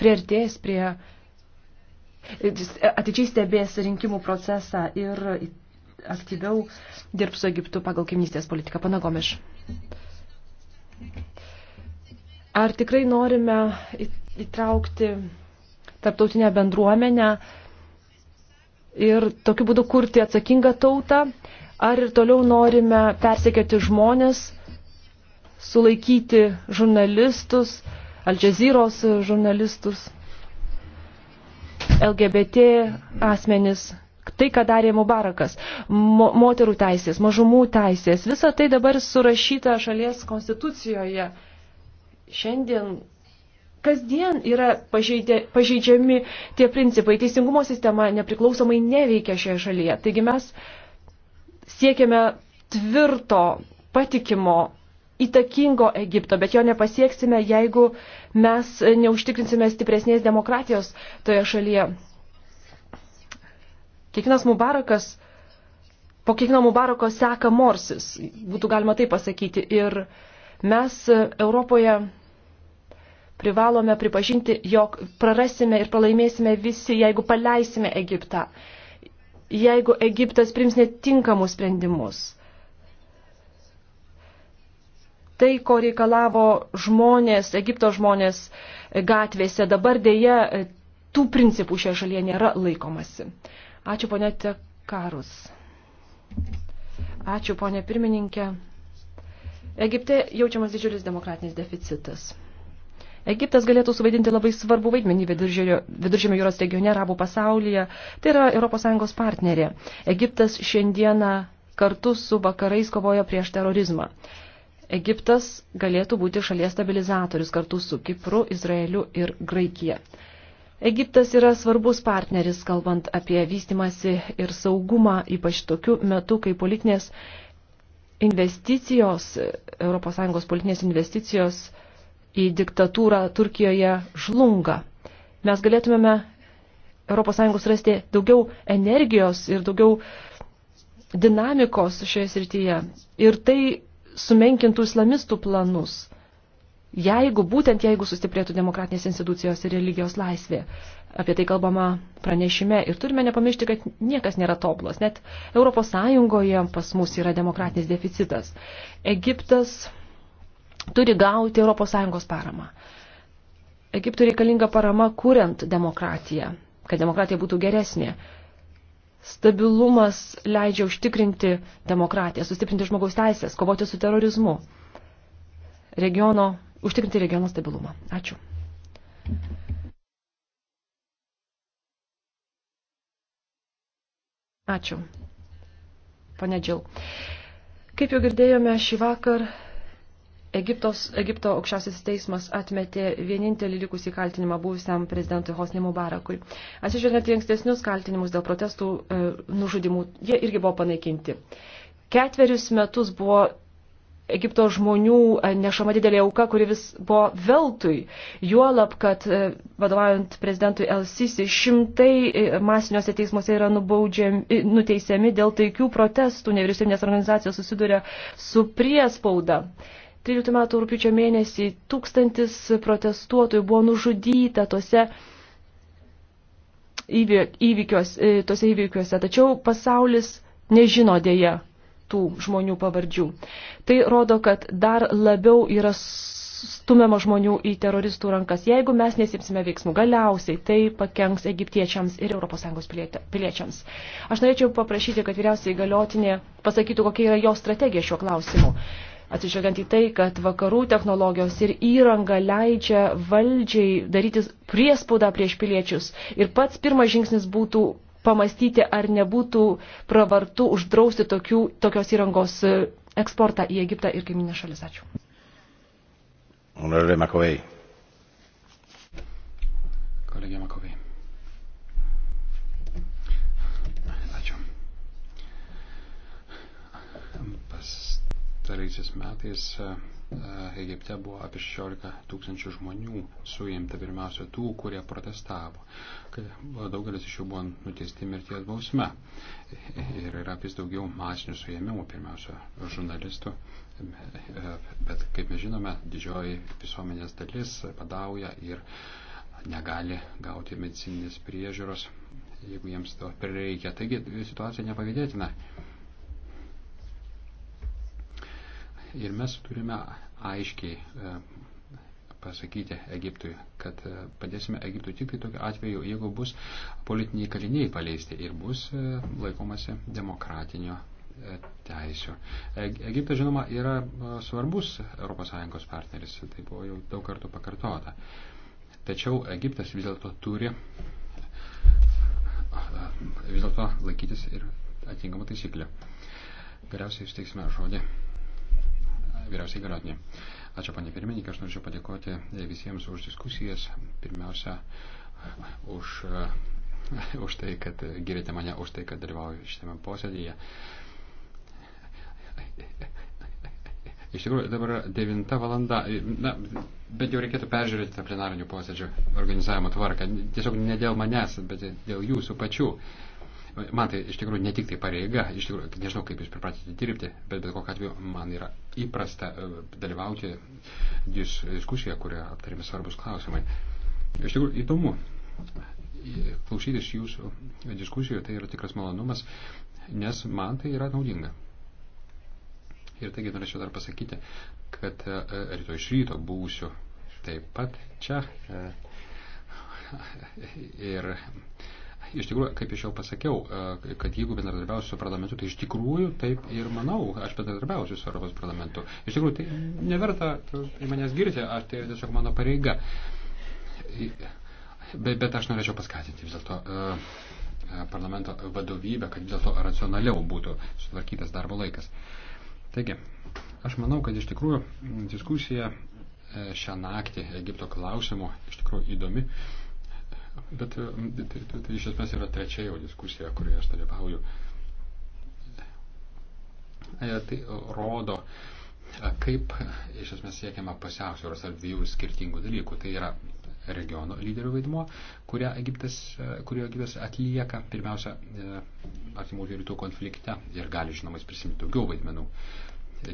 priartės prie atidžiai stebės rinkimų procesą ir aktyviau dirbs su Egiptu pagal kaimynystės politiką. Pana Gomiš. Ar tikrai norime įtraukti tarptautinę bendruomenę ir tokiu būdu kurti atsakingą tautą? Ar ir toliau norime persekioti žmonės, sulaikyti žurnalistus, Aldžezyros žurnalistus, LGBT asmenis, tai, ką darė Mubarakas, mo moterų teisės, mažumų teisės, visa tai dabar surašyta šalies konstitucijoje. Šiandien kasdien yra pažeidė, pažeidžiami tie principai. Teisingumo sistema nepriklausomai neveikia šioje šalyje. Taigi mes siekiame tvirto, patikimo, įtakingo Egipto, bet jo nepasieksime, jeigu mes neužtikrinsime stipresnės demokratijos toje šalyje. Kiekvienas Mubarakas, po kiekvieno Mubarako seka Morsis, būtų galima tai pasakyti. Ir mes Europoje privalome pripažinti, jog prarasime ir pralaimėsime visi, jeigu paleisime Egiptą jeigu Egiptas prims netinkamus sprendimus. Tai, ko reikalavo žmonės, Egipto žmonės gatvėse, dabar dėja e, tų principų šioje šalyje nėra laikomasi. Ačiū, ponė Tekarus. Ačiū, ponė pirmininkė. Egipte jaučiamas didžiulis demokratinis deficitas. Egiptas galėtų suvaidinti labai svarbų vaidmenį viduržėmio jūros regione, arabų pasaulyje. Tai yra ES partnerė. Egiptas šiandieną kartu su vakarais kovoja prieš terorizmą. Egiptas galėtų būti šalies stabilizatorius kartu su Kipru, Izraeliu ir Graikija. Egiptas yra svarbus partneris, kalbant apie vystimasi ir saugumą, ypač tokiu metu, kai politinės investicijos, ES politinės investicijos į diktatūrą Turkijoje žlunga. Mes galėtumėme ES rasti daugiau energijos ir daugiau dinamikos šioje srityje. Ir tai sumenkintų islamistų planus, jeigu būtent jeigu sustiprėtų demokratinės institucijos ir religijos laisvė. Apie tai kalbama pranešime ir turime nepamiršti, kad niekas nėra tobulas. Net ES pas mus yra demokratinis deficitas. Egiptas turi gauti ES paramą. Egiptui reikalinga parama kuriant demokratiją, kad demokratija būtų geresnė. Stabilumas leidžia užtikrinti demokratiją, sustiprinti žmogaus teisės, kovoti su terorizmu, regiono, užtikrinti regiono stabilumą. Ačiū. Ačiū. Pane Džil. Kaip jau girdėjome šį vakar, Egiptos, Egipto aukščiausias teismas atmetė vienintelį likusį kaltinimą buvusiam prezidentui Hosni Mubarakui. Atsižvelgiant į ankstesnius kaltinimus dėl protestų e, nužudimų, jie irgi buvo panaikinti. Ketverius metus buvo Egipto žmonių e, nešama didelė auka, kuri vis buvo veltui. Juolab, kad e, vadovaujant prezidentui LCC, šimtai e, masiniuose teismuose yra nuteisiami dėl taikių protestų, nevyriausybinės organizacijos susiduria su priespauda. Uh, 13 metų rūpiučio mėnesį tūkstantis protestuotojų buvo nužudyta tose įvykiuose, tose įvykiuose. Tačiau pasaulis nežino dėja tų žmonių pavardžių. Tai rodo, kad dar labiau yra stumiama žmonių į teroristų rankas. Jeigu mes nesimsime veiksmų, galiausiai tai pakenks egiptiečiams ir ES piliečiams. Aš norėčiau paprašyti, kad vyriausiai galiotinė pasakytų, kokia yra jo strategija šiuo klausimu atsižvelgiant į tai, kad vakarų technologijos ir įranga leidžia valdžiai daryti priespaudą prieš piliečius. Ir pats pirmas žingsnis būtų pamastyti, ar nebūtų pravartu uždrausti tokių, tokios įrangos e, eksportą į Egiptą ir kaiminę šalis. Ačiū. Honorable McAvey. Kolegė McAvey. Taraisiais metais e, e, Egipte buvo apie 16 tūkstančių žmonių suimta, pirmiausia tų, kurie protestavo. Daugelis iš jų buvo nuteisti mirties bausme. Ir yra vis daugiau masinių suėmimų, pirmiausia, žurnalistų. E, bet, kaip mes žinome, didžioji visuomenės dalis padauja ir negali gauti medicininės priežiūros, jeigu jiems to prireikia. Taigi situacija nepavydėtina. Ir mes turime aiškiai e, pasakyti Egiptui, kad e, padėsime Egiptui tik tai tokiu atveju, jeigu bus politiniai kaliniai paleisti ir bus e, laikomasi demokratinio teisių. Egiptas, žinoma, yra svarbus ES partneris, tai buvo jau daug kartų pakartota. Tačiau Egiptas vis dėlto turi vis dėlto laikytis ir atitinkamų taisyklių. Galiausiai jūs teiksime žodį vyriausiai galiotinė. Ačiū, panė pirmininkė, aš norėčiau padėkoti e, visiems už diskusijas. Pirmiausia, už, e, už tai, kad girėte mane, už tai, kad dalyvauju šitame posėdėje. Iš tikrųjų, dabar 9 valanda, na, bet jau reikėtų peržiūrėti tą plenarinių posėdžių organizavimo tvarką. Tiesiog ne dėl manęs, bet dėl jūsų pačių. Man tai iš tikrųjų ne tik tai pareiga, iš tikrųjų nežinau, kaip jūs pripratėte dirbti, bet bet kokiu atveju man yra įprasta e, dalyvauti dis, diskusijoje, kurioje aptarėme svarbus klausimai. Iš tikrųjų įdomu e, klausytis jūsų diskusijoje, tai yra tikras malonumas, nes man tai yra naudinga. Ir taigi norėčiau dar pasakyti, kad e, rytoj iš ryto būsiu taip pat čia. Ir Iš tikrųjų, kaip iš jau pasakiau, e, kad jeigu bendradarbiausiu su parlamentu, tai iš tikrųjų taip ir manau, aš bendradarbiausiu su Europos parlamentu. Iš tikrųjų, tai neverta į manęs girti, aš tai tiesiog mano pareiga. Bet, bet aš norėčiau paskatinti vis dėlto e, e, parlamento vadovybę, kad vis dėlto racionaliau būtų sutvarkytas darbo laikas. Taigi, aš manau, kad iš tikrųjų diskusija šią naktį Egipto klausimu iš tikrųjų įdomi. Bet e, tai, tai, tai, tai iš esmės yra trečia jau diskusija, kurioje aš dalyvauju. E, tai e, rodo, kaip iš esmės siekiama pusiausvėros ar dviejų skirtingų dalykų. Tai yra regiono lyderių vaidmuo, kurio Egiptas, kurio Egiptas atlieka pirmiausia artimųjų rytų konflikte ir gali, žinoma, prisimti daugiau vaidmenų,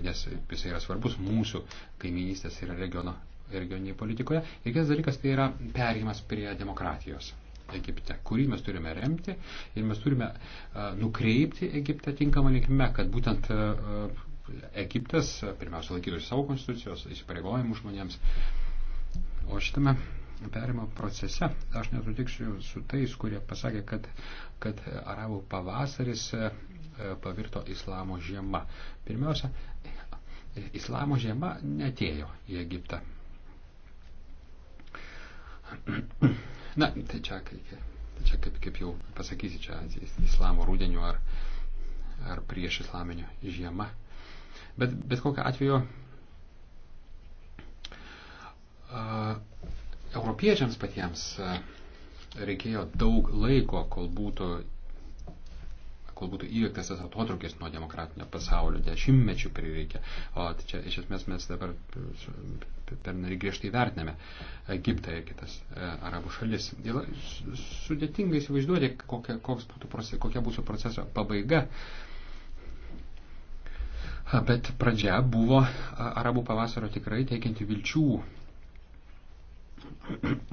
nes jis yra svarbus mūsų kaiminystės ir regiono regioninėje politikoje. Ir kitas dalykas tai yra perėjimas prie demokratijos Egipte, kurį mes turime remti ir mes turime uh, nukreipti Egipte tinkamą linkme, kad būtent uh, Egiptas pirmiausia laikytųsi savo konstitucijos įsipareigojimų žmonėms. O šitame perimo procese aš nesutiksiu su tais, kurie pasakė, kad, kad arabų pavasaris uh, pavirto islamo žiema. Pirmiausia, islamo žiema netėjo į Egiptą. Na, tai čia, kaip, tai čia kaip, kaip jau pasakysi, čia islamo rūdieniu ar, ar prieš islaminiu žiemą. Bet, bet kokiu atveju uh, europiečiams patiems uh, reikėjo daug laiko, kol būtų kol būtų įveiktas tas atotrukis nuo demokratinio pasaulio, dešimtmečių prireikia. O tai čia iš esmės mes dabar per nari griežtai vertiname Egiptą ir kitas e, arabų šalis. Ir sudėtinga įsivaizduoti, kokia, būtų, kokia būtų proceso pabaiga. Bet pradžia buvo arabų pavasario tikrai teikianti vilčių.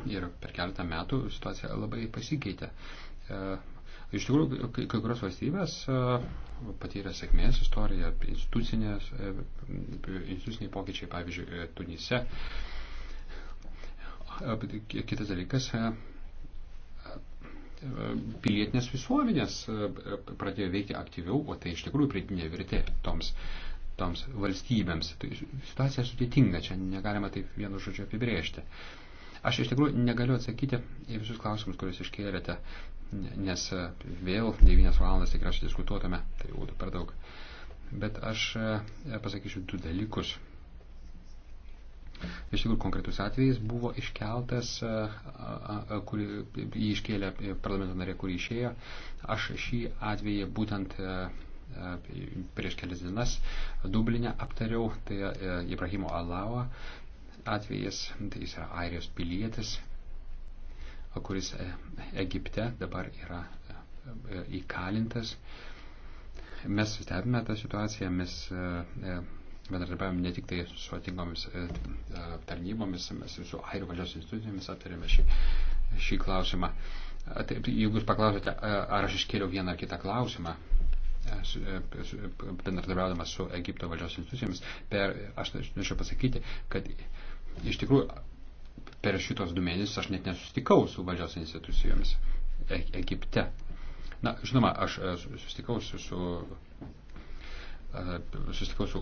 Ir per keletą metų situacija labai pasikeitė. E, Iš tikrųjų, kai kurios valstybės e, patyrė sėkmės istoriją, e, instituciniai pokyčiai, pavyzdžiui, e, Tunise. Kitas dalykas, pilietinės visuomenės pradėjo veikti aktyviau, o tai iš tikrųjų pridinė vertė toms, toms valstybėms. Tai situacija sudėtinga, čia negalima taip vienu žodžiu apibrėžti. Aš iš tikrųjų negaliu atsakyti į visus klausimus, kuriuos iškėlėte, nes e, vėl 9 valandas tikriausiai diskutuotume, tai būtų per daug. Bet aš e, pasakysiu du dalykus. Iš tikrųjų, konkretus atvejis buvo iškeltas, e, kurį jį iškėlė parlamento narė, kurį išėjo. Aš šį atvejį būtent prieš kelias dienas Dublinę aptariau, tai Ibrahimo Alava atvejas, tai jis yra airijos pilietis, kuris e, Egipte dabar yra e, e, įkalintas. Mes stebime tą situaciją, mes bendradarbiavame ne tik tai su atingomis tarnybomis, mes su airių valdžios institucijomis aptarėme šį, šį klausimą. Taip, jeigu jūs paklausote, ar aš iškėliau vieną ar kitą klausimą, bendradarbiaudamas su Egipto valdžios institucijomis, per, aš norėčiau pasakyti, kad iš tikrųjų per šitos du mėnesius aš net nesustikau su valdžios institucijomis e Egipte. Na, žinoma, aš e, susitikau su, su, e, susitikau su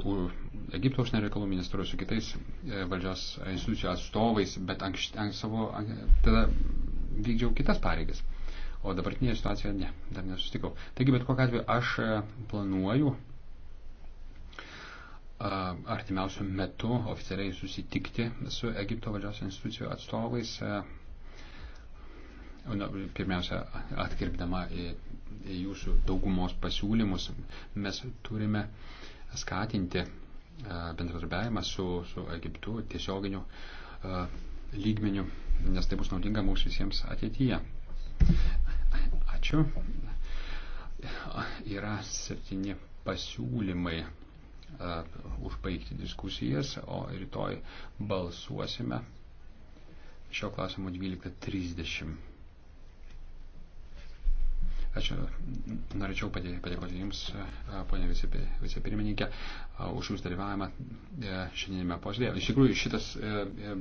Egipto užsienio reikalų ministru, su kitais e, valdžios institucijų atstovais, bet anks, anks savo, anks, tada vykdžiau kitas pareigas. O dabartinėje situacijoje ne, dar nesusitikau. Taigi, bet kokiu atveju aš planuoju artimiausių metų oficialiai susitikti su Egipto valdžios institucijų atstovais, pirmiausia, atkirpdama į, į jūsų daugumos pasiūlymus, mes turime skatinti bendradarbiavimą su, su Egiptu tiesioginiu lygmeniu, nes tai bus naudinga mums visiems ateityje. Ačiū. Yra septyni pasiūlymai užbaigti diskusijas, o rytoj balsuosime šio klausimo 12.30. Aš norėčiau padėkoti Jums, ponė vicepirmininkė, už Jūsų dalyvavimą e, šiandienime posėdėje. Iš tikrųjų, šitas e, e,